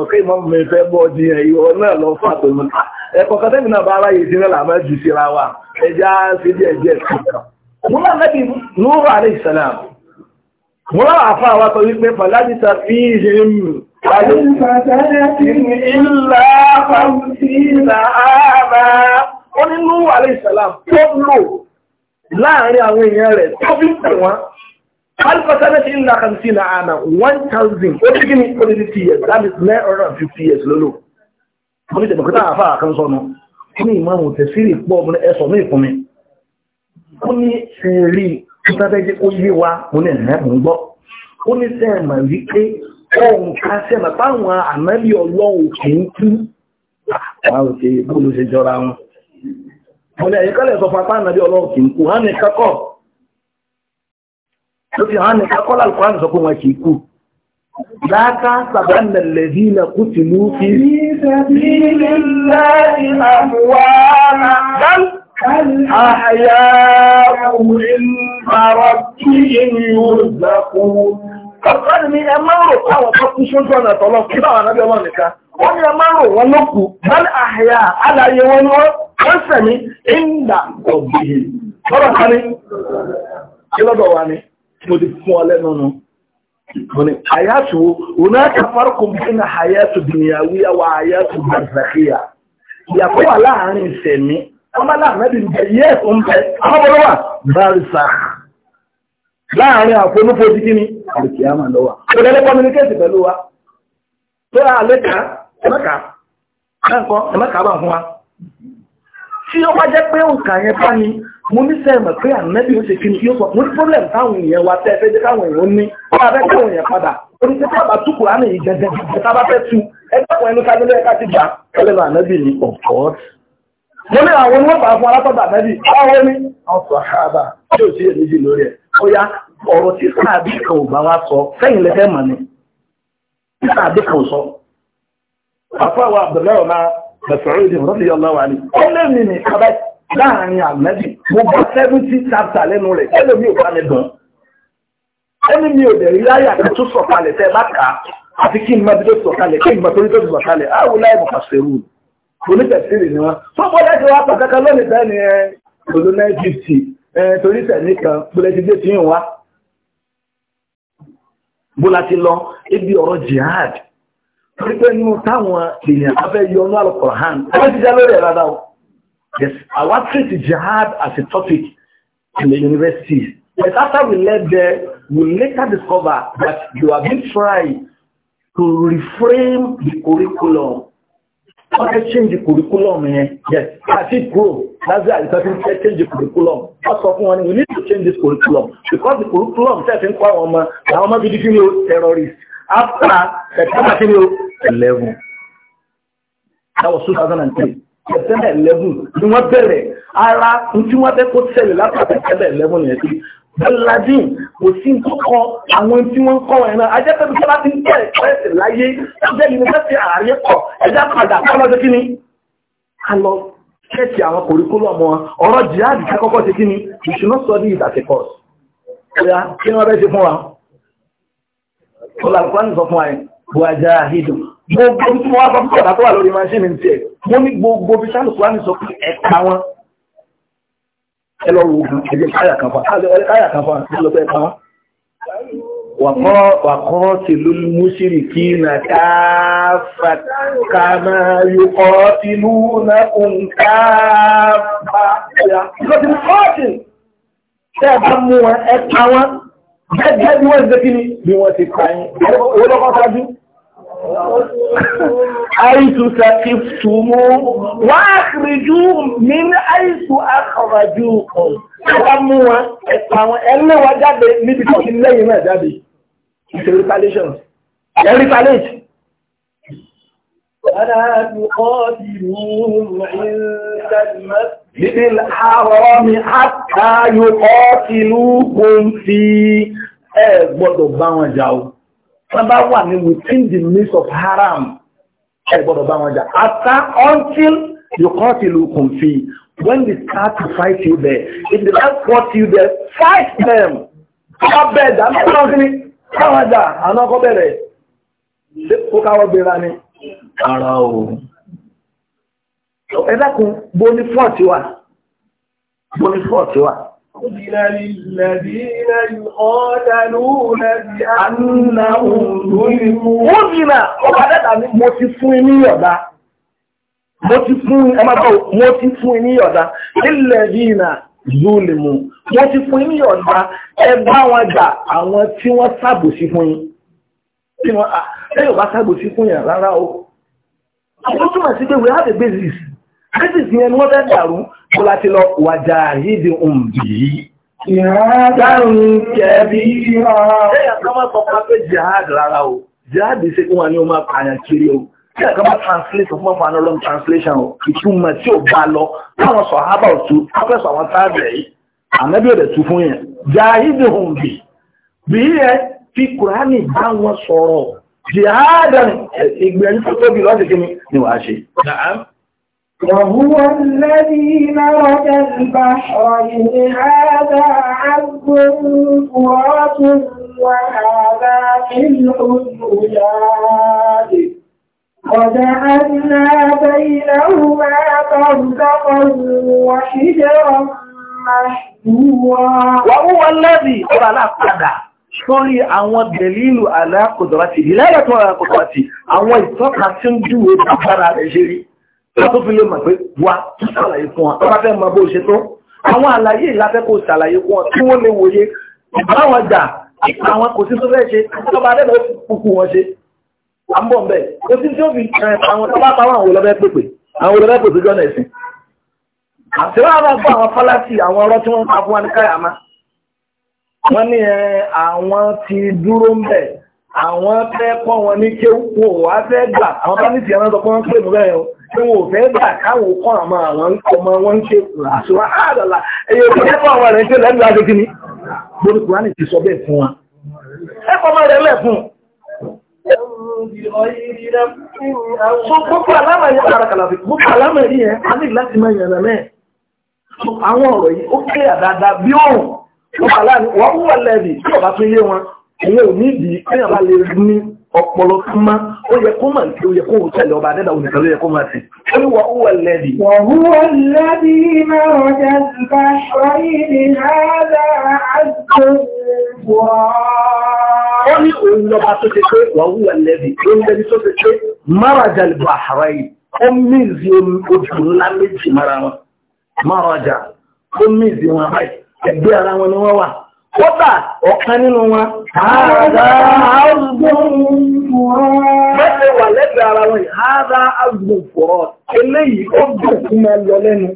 ọ̀kẹ́ ìmọ̀mù mi fẹ́ bọ́ di ẹ̀yọ náà lọ fún àtòmù ẹ̀kọ́ kan tẹ́mi náà bá aráyè sí náà làmọ́ jù síra wa ẹja sí díẹ̀ díẹ̀ kankan. mo náà lẹ́bi nuru salam mo náà àfa àwa sọ wípé pàlájì ta fi ṣe ń mú. ìlà fàmùsílà àbá ó ní salam tó lò àwọn èèyàn rẹ̀ tó fi pè wọ́n. Alpha Senate in Nakamsina Anna, 1,000, what do you mean years? That is around 50 years, Lolo. Mo ní ìdẹ̀bọ̀kítà àfáà kan sọ nù, ni ní ìmáàmù tẹ̀sírì pọ̀ ọmọ ẹ̀sọ̀ mi. Ó ní ṣẹ̀rí títàbẹ́jẹ́ onye wa, mo na ẹ̀rẹ́ mú gbọ́. Ó ní sẹ́ẹ̀mà ló fi hàn nìkan kọ́lá alukóran sọ pé wọn kì í kú láàká sàbánà lẹ́bí na kú ti lú kí Wọ́n ni ẹ máa rò wọn ló kú, bẹ́lẹ̀ àhìyà aláyé wọn ni wọ́n sẹ̀mí ìgbà ọ̀gbìn. Lọ́dọ̀ wa ni? mo ti fún ọ lẹ́nu nu mọ̀nì àyàtò ònà àtàfàrọ̀ kòmínà àyàtò dìnyàwíyà wà àyàtò bàzàkìyà ìyàtọ̀ wà láàrin ìsẹ̀mí ọmọlá àmẹ́bí ń bẹ yẹ́ ń bẹ ọmọbọ̀lọ́ wà bàrìsà láàrin àfonúfojì kí ni àbùkì àmà lọ́wà òdẹ́lẹ́ pẹ̀lú wa tó lẹ́ka ẹ̀mẹ́ka ẹ̀mẹ́ka bá fún wa tí ó jẹ́ pé mo ní sẹ́ẹ̀mọ̀ pé ànẹ́bí ó ṣe kí ni problem táwọn èèyàn wa tẹ́ ẹ jẹ́ èèyàn ó káwọn èèyàn padà ó ní pé tú yìí fẹ́ ẹgbẹ́ kan ẹnu kájú ti gbà ẹlẹ́nu ànẹ́bí fún alátọ́gbà ànẹ́bí báwo ni ọ̀sọ̀ àbá láàrin àmẹ́bì mo bá seventy chapter lẹ́nu rẹ̀ ẹlòmí ò bá mi dùn ẹni mi ò dẹ̀ rí láyà kan tó sọ̀kalẹ̀ tẹ́ bá kà á àti kí n má bídó sọ̀kalẹ̀ kí n má torí tó sọ̀kalẹ̀ áwò láì mọ̀ pàṣẹrù onítẹ̀síìrì ni wọn fọ́pọ́ láti wá pàkàkà lónìí tẹ́ ni ọdún náà egypt torí tẹ̀mí kan gbọ́dọ̀ ti dé ti yìn wá bó la ti lọ ibi ọ̀rọ̀ jihad torí pé nínú táwọn èèyàn afẹ́ yọ ọ́nú àlùkò hàn ẹ Yes, our treat jihad as a topic in the university. But after we left there, we later discover that you have been trying to reframe the curriculum. Wọ́n to change the curriculum eh? Yes, as it grow. That's why the person to change the curriculum. First of all, we need to change this curriculum because the curriculum tẹ̀ fi ń kọ́ àwọn ọmọ àwọn ọmọ bíi After o terrorist after September kíni o eleven. That was two thousand and three tẹ̀sẹ̀lẹ̀ eleven ni wọ́n bẹ̀rẹ̀ ara tí wọ́n fẹ́ kó ṣẹlẹ̀ látàkì tẹ̀sẹ̀lẹ̀ eleven yẹn sí Bẹ́ládìn kò sí ń kọ́ àwọn tí wọ́n ń kọ́ wọn náà ajẹ́ pẹ̀lú sábà ti ń tẹ̀ ẹ̀sẹ̀ láyé ẹgbẹ́ yunifásitì ààrẹ kọ̀ ẹ̀dá padà kọ́ lọ́jọ́ kí ni. a lọ kẹ́ẹ̀kì àwọn kòríkólọ̀ mọ́ ọ̀rọ̀ jihad ká kọ́kọ́ ṣe kí ni you should not study it as a course. ọ̀ya kí ni wọ́n bẹ́ẹ̀ ṣe fún wa. ọ̀làkùnrin sọ fún wa yẹn buhari gbogbo tí wọ́n bá fún ọ̀dá tó wà lórí máṣínì tí ẹ̀ wọ́n ní gbogbo bí sálùkúrá ní sọ pé ẹ̀ka wọn ẹlọ́rù ogun ẹ̀jẹ̀ káyà kan fa káyà kan fa ẹlọ́pẹ́ ẹ̀ka wọn. wàkọ́ ti ló mú sírì kí nà káfà kàmà yóò ti lú nà kún káfà. ìkọ̀tí ní kọ́ọ̀tì tẹ́ ẹ bá mú wọn ẹ̀ka wọn gẹ́gẹ́ bí wọ́n ti dé kí ni bí wọ́n ti kàn yín àìsù sàkìtùmú wá àkìrìjú mi ní àìsù àkọ̀rọ̀jú kan ẹ̀ka mú wọn ẹ̀ka wọn ẹ̀lẹ́ wọn jáde níbi tó ti lẹ́yìn náà jáde ìṣe retaliation ẹ̀ retaliate. Ọ̀dà àdúgbò ti mú ìrìnàjò Bíbíl àrọ́mi àtàyò ọ́ kò ń fi ẹ gbọ́dọ̀ bá wọn jà o. Number one, within the midst of haram ẹ bá wọn jà after until you qatilukum fi when they start to fight you there if they start to you there fight them wọ́n bẹ̀ dà ní ọ̀rọ̀ sí ni káwọn jà àwọn ọkọ̀ bẹ̀rẹ̀ kó káwọ́ gbéra ni ara o ẹ dákun bo ni fọ́ọ̀tì wà bo ni fọ́ọ̀tì wà. قتل للذين يقاتلون بأنهم ظلموا قتل ọba dẹ́ta ni mo ti fún ní ọ̀dá mo ti fún ẹ máa bọ̀ mo ti fún ní ọ̀dá lilladhina zulimu mo ti fún wọn jà àwọn tí wọ́n ṣàbòsí fún yín ẹ yóò bá ṣàbòsí fún yín rárá o àwọn tó sí pé we have a basis Mẹ́sìsì yẹn ni wọ́n fẹ́ dàrú kó láti lọ wàjà yídi òǹbì. Ìrádàrún kẹbí rárá. Ṣé ẹ̀ka máa sọ fún pé jihad rárá o? Jihad ṣe fún wa ní o máa pààyàn kiri o. Ṣé ẹ̀ka máa translate fún ọ̀fọ̀ anọ́lọ́m translation o? Ìtumọ̀ tí ò bá lọ. Táwọn sọ̀hábà ò tú, afẹ́sọ̀ àwọn táàbẹ̀ yìí. Àmẹ́bí ò dẹ̀ fún yẹn. Jihad òǹbì. Bí yẹn fi Kùránì bá wọn sọ̀rọ̀. Jihad ìgbẹ̀yìn tó tóbi lọ́sìkí ni wàá ṣe. وهو الذي مرج البحرين هذا عذب فرات وهذا ملح أجاد وجعلنا بينهما برزقا وحجرا محجورا وهو الذي خلق sórí àwọn dẹ̀lílù aláàkùdọ̀láti ìlẹ́yàtọ̀ aláàkùdọ̀láti àwọn ìtọ́ka tí ń júwe agbára rẹ̀ ṣe rí wọ́n tó fi lè mọ̀ pé wà tó ṣàlàyé fún wa tó bá fẹ́ mọ bó ṣe tó àwọn àlàyé ìlàfẹ́ kò ṣàlàyé fún ọ tí wọ́n lè wòye ìbáwọn jà àwọn kò sí tó fẹ́ ṣe tó bá dẹ́gbẹ́ kúkú wọn ṣe à ń bọ̀ bẹ́ẹ̀ kò sí tí ó fi àwọn tó bá pa àwọn olọ́fẹ́ pèpè àwọn olọ́fẹ́ pèpè jọ́nà ẹ̀sìn àṣírí àwọn àgbà àwọn fálásì àwọn ọ̀rọ̀ tí wọ́n ń pa fún wa ní káyàmá wọ́n ní àwọn ti dúró ń bẹ̀ àwọn fẹ́ kọ́ wọn ní kéwù wọ́n wá fẹ́ gbà àwọn fálásì àwọn sọ pé wọ́n ń pè mú bẹ́ẹ̀ o tí wọn ò fẹ́ gbà káwọn kọ́ àmọ́ àwọn ọmọ wọn ń ṣe àṣùwà àdàlà èyí ò fẹ́ fún àwọn ẹ̀rẹ́ lẹ́nu láti kí ni lórí kùránì ti sọ bẹ́ẹ̀ fún wa ẹ̀kọ́ máa rẹ̀ lẹ́fún so gbogbo alámà yẹn ara kàlàfì gbogbo alámà yìí yẹn a ní láti máa yànnà mẹ́ẹ̀ so àwọn ọ̀rọ̀ yìí ó kéré àdáadáa bí òun wọ́n aláàní wọ́n wọ́n lẹ́bi tí ọba tún yé wọn èyí ò ní ìdí pé àbá lè ní ọpọlọ tún máa ó yẹ kó máa tí ó yẹ kó tẹ̀lé ọba dẹ́dà òníkan ló yẹ kó máa tí ó ní wàhúwà lẹ́dí. wàhúwà lẹ́dí máa rọ̀jà ìgbà ṣọ́yìnì láàdá àgbẹ̀wò. ó ní òun lọ́ba tó ṣe pé wàhúwà lẹ́dí ó ń lẹ́dí tó ṣe pé máràjà ìgbà àhárá yìí ó mìízi ojú ńlá méjì mara wọn máràjà ó mìízi wọn wọn kódà ọ̀kan nínú wa Ààrẹ arúgbóhùn fúrọ́. Mẹ́sẹ̀ wà lẹ́gbẹ̀ẹ́ ara wọn yìí, ààrẹ arúgbóhùn Eléyìí ó dùn fún lọ lẹ́nu.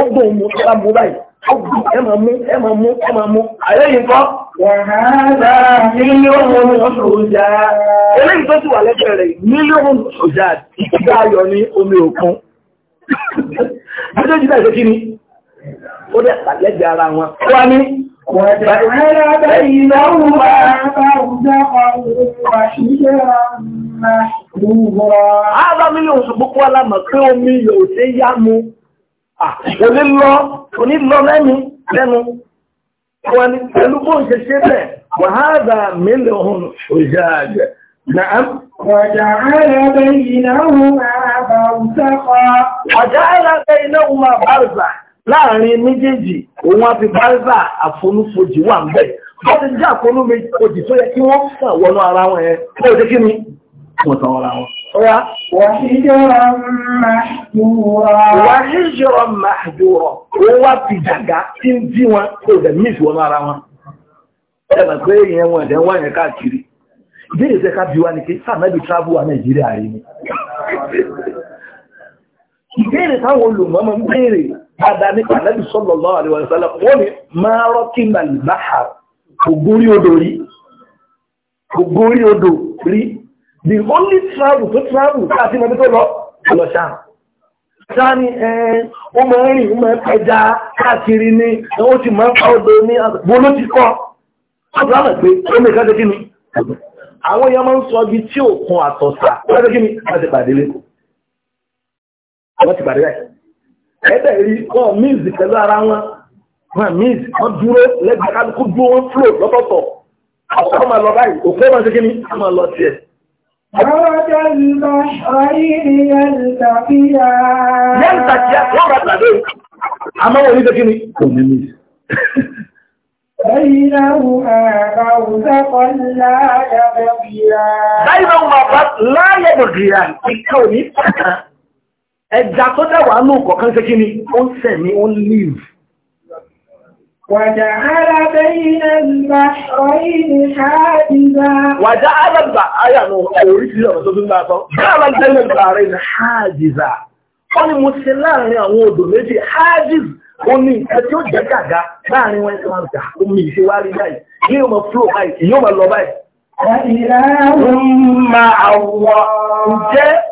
Ó dùn mú ṣọ́lá mú báyìí. Ó dùn ẹ máa mú, ẹ máa mú, ẹ máa mú. yìí kọ́. Wàhálà mílíọ̀nù sòjà. Eléyìí tó ti wà rẹ̀ mílíọ̀nù sòjà ìgbà ayọ̀ ní omi òkun. Bí ó jẹ́ وجعل بينهما برزخا وحجرا محجورا هذا من يوسف ولا مكر من يوسف يامو onílọ onílọ lẹ́nu lẹ́nu wọn ni pẹ̀lú bó ń ṣe ṣe bẹ̀ wàhálà mílíọ̀nù ọ̀hún òṣàjẹ̀ نعم وجعل بينهما برزخا وجعل بينهما برزخا láàrin méjèèjì òun àti bárísà àfonúfojì wà ń bẹ̀ wọ́n ti jẹ́ àfonúfojì tó yẹ kí wọ́n sàn wọnú ara wọn yẹn tó yẹ kí ni wọ́n sàn ara wọn. Ọya. Wàhíjọ́rọ̀ pé ìyẹn wọn ẹ̀dẹ̀ wọ́n yẹn káàkiri. Ìbéèrè tẹ́ ká bí wá ní pé Sàmẹ́bí travel wa Nàìjíríà rí ni. Ìbéèrè táwọn olùmọ́mọ́ ń béèrè dáadáa nípa Ànábì sallallahu alaihi wa sallam wọ́n ní máa rọ́kì màlìmáhà ògórí odò rí ògórí odò rí the only travel to travel káàkiri mọ́bí tó lọ lọ ṣáà ṣáà ni ó máa rìn ó máa pẹja káàkiri ní ó ti máa pa odò ní àgbò ló ti kọ́ ọ̀dọ́ àmọ̀ pé ó lè kájọ kí ni àwọn èèyàn máa ń sọ ibi tí òkun àtọ̀sà kájọ kí ni wọ́n ti pàdé lẹ́kọ̀ọ́ wọ́n ti pàdé lẹ́kọ̀ọ́ ẹ̀ẹ́dẹ̀ rí wọn míìsì pẹ̀lú ara wọn wọn míìsì wọn dúró lẹ́gbẹ̀ẹ́ kálukú dúró wọn fúlò lọ́tọ̀ọ̀tọ̀ ọ̀pọ̀ máa lọ báyìí òkú máa ṣe ni a máa lọ tiẹ̀. Ọjọ́ ìlọ ọ̀yìnrì yẹntàkíyà. ni? Kò ní mí. Báyìnáwó àbá òṣàkọ̀ láyàbọ̀ bìíyà. ẹja tó dẹ̀wà ní ọ̀kọ̀kan ṣe kí ni ó ń sẹ̀ ní ó ń wàjá alàgbà ayànà orí ọ̀rọ̀ tó wàjá alàgbà rẹ̀ mo láàrin àwọn odò méjì hajjiz ó ní ẹ tí ó jẹ́ láàrin wọn omi báyìí báyìí máa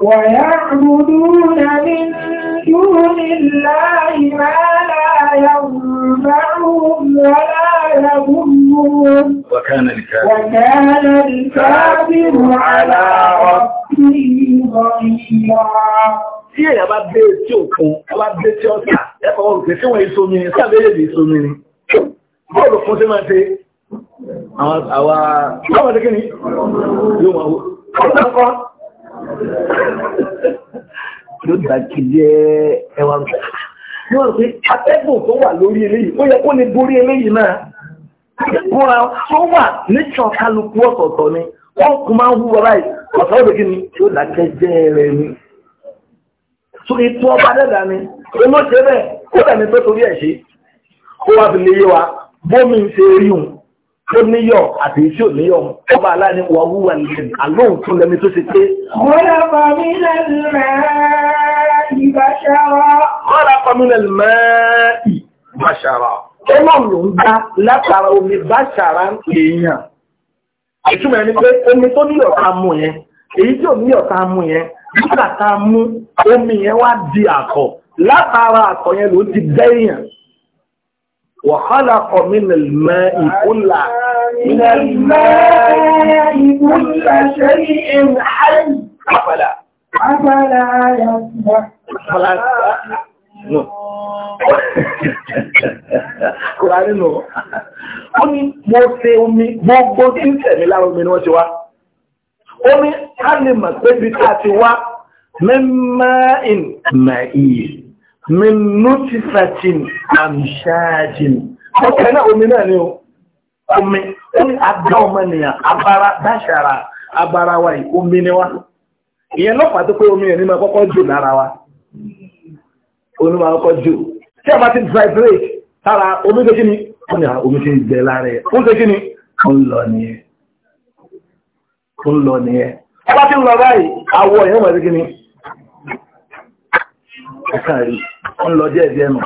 ويعبدون من دون الله ما لا ينفعهم ولا يضرهم وكان الكافر وكان الكافر على ربه ظهيرا tí èyàn bá gbé tí òkun bá gbé tí ọ̀sà ẹ̀fọ́ òkè tí wọ́n èso mi sábẹ́lẹ̀ lè so mi ni bọ́ọ̀lù fún sí máa ṣe àwọn àwọn àwọn ọmọdé kí ni yóò máa wò ọ̀sán kan yóò dàkí jẹ́ ẹwà yóò rí atẹ́gùn tó wà lórí eléyìí ó yẹ kó lè borí eléyìí náà kúra tó wà nature kálukú ọ̀tọ̀ọ̀tọ̀ ni wọ́n kún máa ń húwọ́ láì ọ̀sán òdòkí ni yóò dàkẹ́ jẹ́ rẹ̀ ni so ètò ọba dẹ́dà ni olóṣèlú ẹ̀ kó dà ní tó torí ẹ̀ ṣe kó wá fi lè yé wa bómi ń ṣe rí òun tó níyọ̀ àti tí ò níyọ̀ ọba aláàní wà wúwà lẹ́nu àlóhùn tún lẹ́ni tó ṣe pé. kọ́lá pàmílẹ̀ mẹ́ẹ̀ẹ́ bàṣàrà ọlọ́run ló ń dá látara omi bàṣàrà èèyàn ìtumọ̀ ẹni pé omi tó níyọ̀ ká mú yẹn èyí tí ò níyọ̀ ká mú yẹn وخلق من الماء كل من الماء كل شيء حي أفلا أفلا يسمع قرآن نو قرآن نو قل أمي مو بوتين تامي لا أمي نو جوا أمي كلمة تبتاتي وا من ماء مائي min nutifatin amshajin ọkẹ̀ náà omi náà ni o omi ní agbá ọmọnìyàn abara dáṣàrà abara wa yìí omi ni wa ìyẹn lọ́pàá tó pé omi yẹn máa kọ́kọ́ jò lára wa omi máa kọ́kọ́ jò tí a bá ti vibrate tára omi tó kí ni wọ́n ní omi ti gbẹ lára ẹ̀ ó ń ṣe kí ni ó ń lọ nìyẹn ó ń lọ nìyẹn ẹ bá ti ń lọ báyìí awọ ìyẹn wọ̀ ẹ́ kí ni kankan rí ń lọ díẹ̀ díẹ̀ nù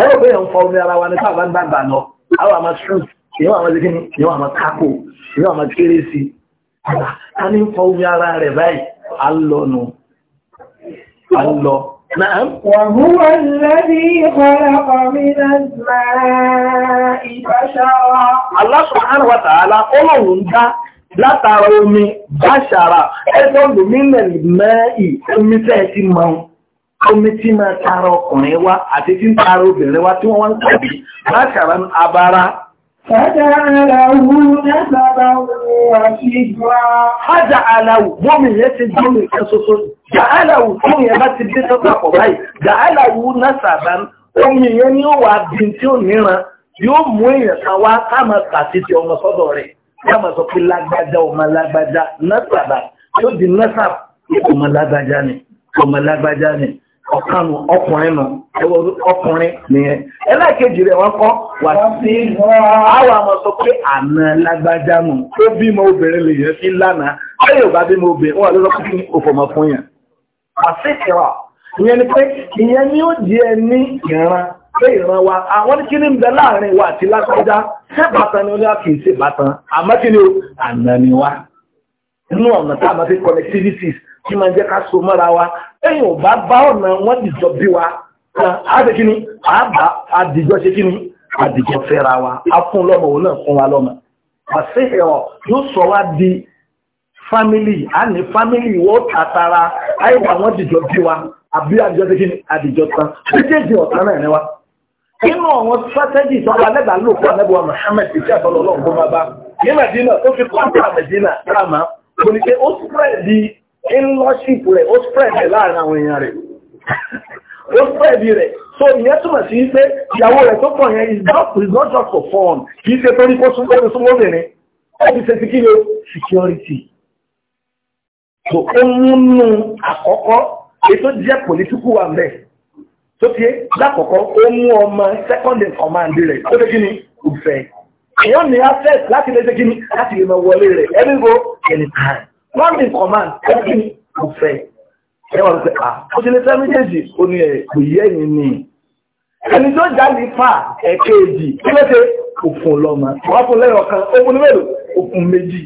ẹ̀rọ pé ń fọ omi ara wa ní sábà lọ àwọn àmà street ìyẹn àmà sí kíni ìyẹn àmà tako ìyẹn àmà kéré sí a ní fọ omi ara rẹ̀ báyìí à ń lọ nù à ń lọ. وهو الذي خلق من الماء látara omi báṣàrà ẹgbọ́n lómìnà mẹ́ì omi tẹ́ ti mọ́ omi tí máa tara ọkùnrin wá àti tí ń tara obìnrin wá tí wọ́n wọ́n tàbí látara abara. Hájà aláwù bómi yẹn ti gbómi ìkẹ́ soso. Gà aláwù tómi yẹn bá ti dé sọ́tà pọ̀ báyìí. Gà aláwù násàbá omi yẹn ni ó wà bí tí ò níran yóò mú èèyàn kan wá káàmà pàtí ti ọmọ sọ́dọ̀ rẹ̀. Káàmà sọ pé lágbájá ọmọ lágbájá násàbá yóò di násàbá ọmọ lágbájá ni ọmọ lágbájá ni ọ̀kanu ọkùnrin nù ọkùnrin nìyẹn ẹlẹ́ẹ̀kejì rẹ̀ wọ́n kọ́ wà sí àwọn àmọ́ sọ pé àna lágbájá nù tó bímọ obìnrin lè yẹn sí lánàá ayé ò bá bímọ obìnrin wọn lọ́dọ́ kí òfòmọ̀ fún yẹn wà ìyẹn ni pé ìyẹn ni ó di ẹ ní ìran pé ìran wa àwọn ní kí ní ń bẹ láàrin wa àti lágbájá ṣé bàtàn ni ó ní a kì í ṣe bàtàn àmọ́ kí ni ó àna ni wa inú ọ̀nà tá a máa fi connectivities tí máa jẹ́ ká so mọ́ra wa ẹ̀yìn ò bá bá ọ̀nà wọ́n dìjọ bí wa àti kíní àbá àdìjọ ṣe kíní àdìjọ fẹ́ra wa á fún lọ́mọ òun náà fún wa lọ́mọ àṣẹ ẹ̀rọ yóò sọ wá di fámílì á ní fámílì wọ́n tàtàrà àìwà wọ́n dìjọ bí wa àbí àdìjọ ṣe kíní àdìjọ tán méjèèjì ọ̀tán náà ni wa nínú àwọn strategy ìtọ́jú alẹ́gbà ló kọ́ alẹ́gbà Muhammad ìṣẹ́ àtọ́lọ́lọ́ nínú àdínà tó fi kọ́ àmàdínà ráàmà kò ní pé ó in-lordship rẹ̀ ó spread rẹ̀ láàrin àwọn èèyàn rẹ̀ ó spread rẹ̀ so ìyẹn túmọ̀ sí pé ìyàwó rẹ̀ tó pọ̀ yẹn is not is not just for fun kì í ṣe torí kó súnmọ́ ní súnmọ́ obìnrin ó fi ṣe ti kí ni security so ó múnú àkọ́kọ́ èyí tó jẹ́ political wa mẹ́ tó fi lákọ̀ọ́kọ́ ó mú ọmọ second in command rẹ̀ ó lé kí ni òfẹ́ èèyàn ní access láti lè ṣe kí ni láti lè máa wọlé rẹ̀ every go anytime one in command ẹbí kò fẹ́ ẹ wà lópe à ah, ó ti lè fẹ́ méjèèjì ó ní ẹ eh, kò yẹ ẹni ni ẹni tó jáde fà ẹ̀kejì kí ló ṣe òfun lọ́mọ wọ́n fún lẹ́yìn ọ̀kan òfun ní mélòó òfun méjì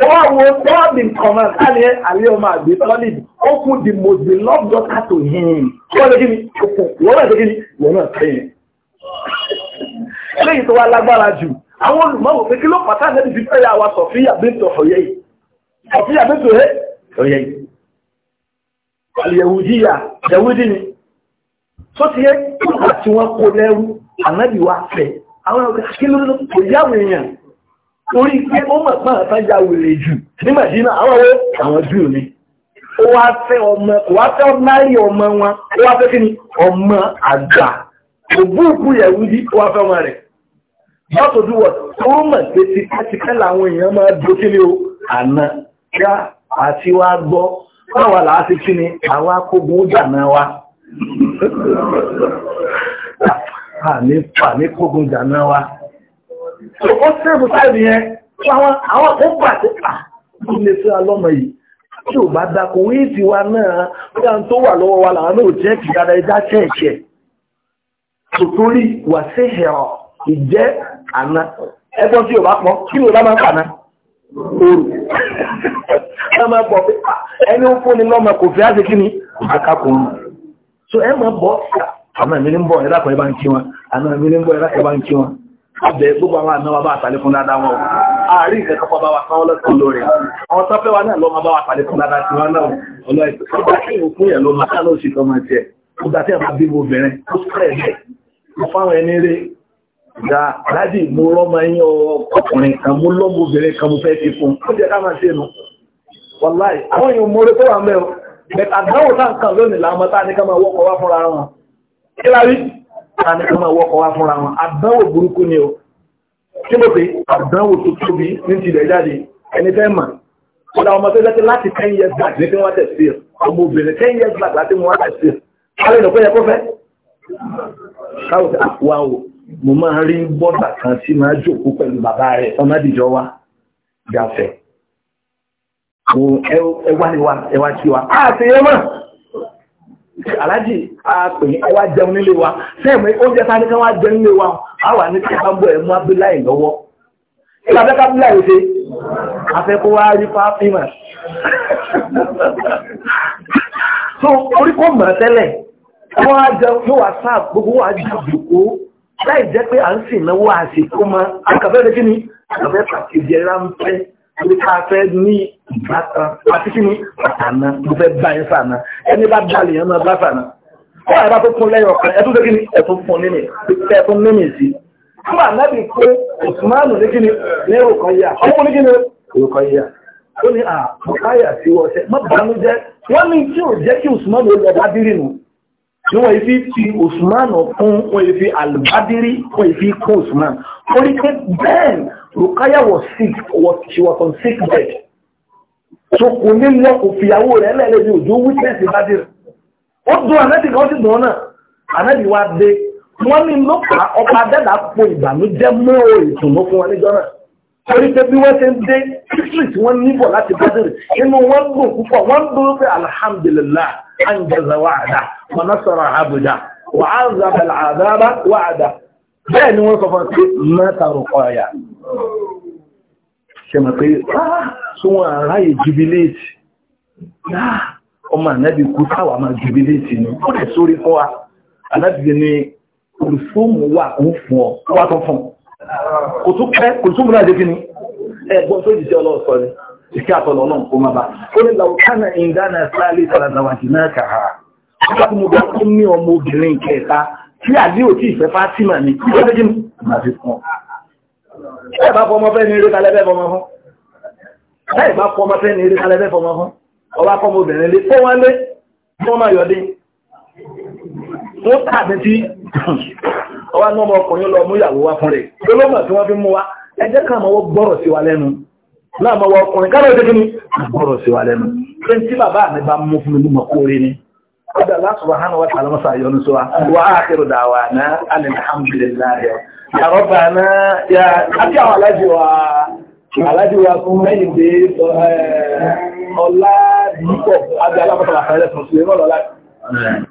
wọ́n wo third in command káni alẹ́ ọmọ àgbẹ̀ solid ó fún the most beloved daughter to him wọ́n lè kíni òfun wọ́n náà lè kíni wọ́n náà sẹ́yìn eléyìí tó wá lágbára jù àwọn olùmọ̀wò pé kí ló pàtàkì lẹ́bi fi fẹ́ yà wá sọ̀fíyà bí n tọ̀ fọ̀yẹ́ yìí ọ̀fíà mẹ́tò rẹ̀ lọ́yẹ yìí alìyẹ̀wùdíyà yẹ̀wùdí ni tó ti yẹ láti wọn kó lẹ́rú ànábì wa fẹ́ àwọn ọ̀gá ni ó wá fẹ́ ọmọ kò wá fẹ́ máyì ọmọ wọn ó ni ọmọ àgbà òbúùkù yẹ̀wùdí ó wá fẹ́ ọmọ rẹ̀ lọ́tọ̀dúwọ̀ ó mọ̀ pé tipẹ́tipẹ́ làwọn èèyàn máa dókè já àti wá gbọ́ wà láti kí ni àwa kógun ó jàna wa àní pàní jà ó sẹ́bù yẹn àwọn tó tí à ó yìí tí ò bá wí ti wa náà tó wà wa làwọn náà jẹ́ kí ẹja tòtórí wà sí ẹ̀rọ ìjẹ́ àná ẹgbọ́n tí ò bá pọ̀ kí oòrùn ẹ máa bọ̀ pé ah, ẹni ó fún ni lọ́mọ kò fi áṣe kí ni akákùnrin so ẹ máa bọ̀ àmọ́ ìmí ń bọ̀ ẹ̀rá kan ẹbá ń kí wọn àmọ́ ìmí ń bọ̀ ẹ̀rá kan ẹbá ń kí wọn ọbẹ̀ gbogbo àwọn àna wa bá àtàlẹ́ fún dáadáa wọn àárín ìkẹ́kọ̀ọ́ kan bá wa sanwó lọ́sàn lórí àwọn tó fẹ́ wa náà lọ́mọ bá wa àtàlẹ́ fún dáadáa tiwọn náà ọlọ́ ìgbà tí òkú yẹn ló máa ká lóṣìṣẹ́ ọmọ tiẹ̀ ìgbà láti mú lọ́mọ yín ọkùnrin kan mú lọ́mọ obìnrin kan mú fẹ́ ti fún ó jẹ́ ká máa ṣe nù wàláì àwọn èèyàn mọ́rẹ́ tó wà mẹ́rin bẹ̀tà dáwò tá nǹkan lónìí láàmọ́ tá ní ká máa wọ́kọ̀ wá fúnra wọn kí lárí tá ní ká máa wọ́kọ̀ wá fúnra wọn àdánwò burúkú ni o kí ló pé àdánwò tó tóbi ní ti ilẹ̀ jáde ẹni fẹ́ mà ó dá ọmọ tó jẹ́ láti ten years back ní kí wọ́n tẹ̀ sí ọmọ obìnrin ten years back láti wọ́n tẹ̀ sí ọmọ obìnrin ten years back láti wọ́n tẹ̀ sí mo máa rí bọ́dà kan tí máa jókòó pẹ̀lú bàbá rẹ̀ ọmọdìjọ wa gàfẹ́ ẹwà ni wa ẹwà tí wa á ti yẹ mọ́ aláàjì àpè ẹwà jẹun nílé wa sẹ́ẹ̀mù oúnjẹ tá ní ká wá jẹun nílé wa á wà ní kí bá ń bọ̀ ẹ̀ mú abúláì lọ́wọ́ kí la fẹ́ ká abúláì ṣe afẹ́ kó wá rí fáfíìmà so orí kò mọ̀ tẹ́lẹ̀ wọ́n á jẹun yóò wá sáà gbogbo wọn á jẹun láì jẹ́ pé à ń sì náwó àsìkò mọ́ akàfẹ́fẹ́ kí ni akàfẹ́ pàtìjẹ ráńpẹ́ nípa fẹ́ ní ìbátan àti kí ni àná mo fẹ́ bá yẹn fàná ẹni bá dalè yẹn máa bá fàná ó àyàbá tó kún lẹ́yìn ọ̀kan ẹ̀tún tó kí ni ẹ̀tún fún nímì ẹ̀tún nímì sí fún ànábì pé òsùmánù ní kí ni ní èrò kan yà ọkùnrin ní kí ni èrò kan yà ó ní àmọ́ káyà sí wọ́ọ̀ṣẹ́ mọ́ bàánú jẹ́ wọ́n ní tí ò jẹ́ kí òsùmánù ó lọ bá dírì nù ní wọ́n yìí fi ti Usman kún wọ́n yìí fi Al-Badiri wọ́n yìí fi kún Usman wọ́n rí pé Rukaya was sick was she was on sick bed so kò ní lọ kò fìyàwó rẹ̀ lẹ́lẹ́ ní òjò witness Badiri ó dún anẹ́tì kan sì dùn ọ́ náà anẹ́tì wa dé wọ́n ní ló pa ọba dẹ́dà po ìbànújẹ́ mọ́ ètò ló fún wọn níjọ́ náà torí pé bí wọ́n ti ń dé history tí wọ́n níbọ̀ láti bẹ́sẹ̀rẹ̀ inú wọn dùn púpọ̀ wọ́n dúró pé alhamdulillah an jaza wa'ada wa nasara abuja wa azaba al'adaba wa'ada bẹ́ẹ̀ ni wọ́n sọ fún pé mẹ́ta rọ̀kọ̀ọ̀yà ṣe mọ̀ pé súnwọ̀n ah, aráyè jubilate ọmọ ànábì kú táwà máa jubilate ni ó lè sórí fún wa ànábì ni olùfóòmù wà ń fún ọ wà tó fún ọ kò tún pẹ́ kò tún múnà dékí ni ẹgbọ́n tó jìjẹ́ ọlọ́ọ̀sọ ni ìkẹ́ àtọ̀lọ́ náà kó máa bá ó ní làwùkánà ìdáná sáálé tàlàzàwàjì náà kàá nígbà tí mo bá tún ní ọmọ obìnrin kẹta tí àdé òtí ìfẹ́ fátímà ni kí ló dékí ni má fi fún ọ. ẹ bá fọmọ fẹ́ ni eré kalẹ́ bẹ́ẹ̀ fọmọ fún ẹ bá fọmọ fẹ́ ni eré kalẹ́ bẹ́ẹ̀ fọmọ fún ọba fọmọ obìnrin lé fọwọ́n lé fọmọ yọ̀dín tó tàbí tí ọwá náà mọ ọkùnrin lọ mú ìyàwó wá fún rẹ̀ olóòmọ̀ tí wọ́n fi mú wa ẹjẹ́ kan mọ́wọ́ gbọ́rọ̀ sí wa lẹ́nu ọkùnrin káàrọ̀ ìdẹ́gbẹ́ ni gbọ́rọ̀ sí wa lẹ́nu pé tí bàbá mi bá mú fún mi ni yọnu wa wà á kérò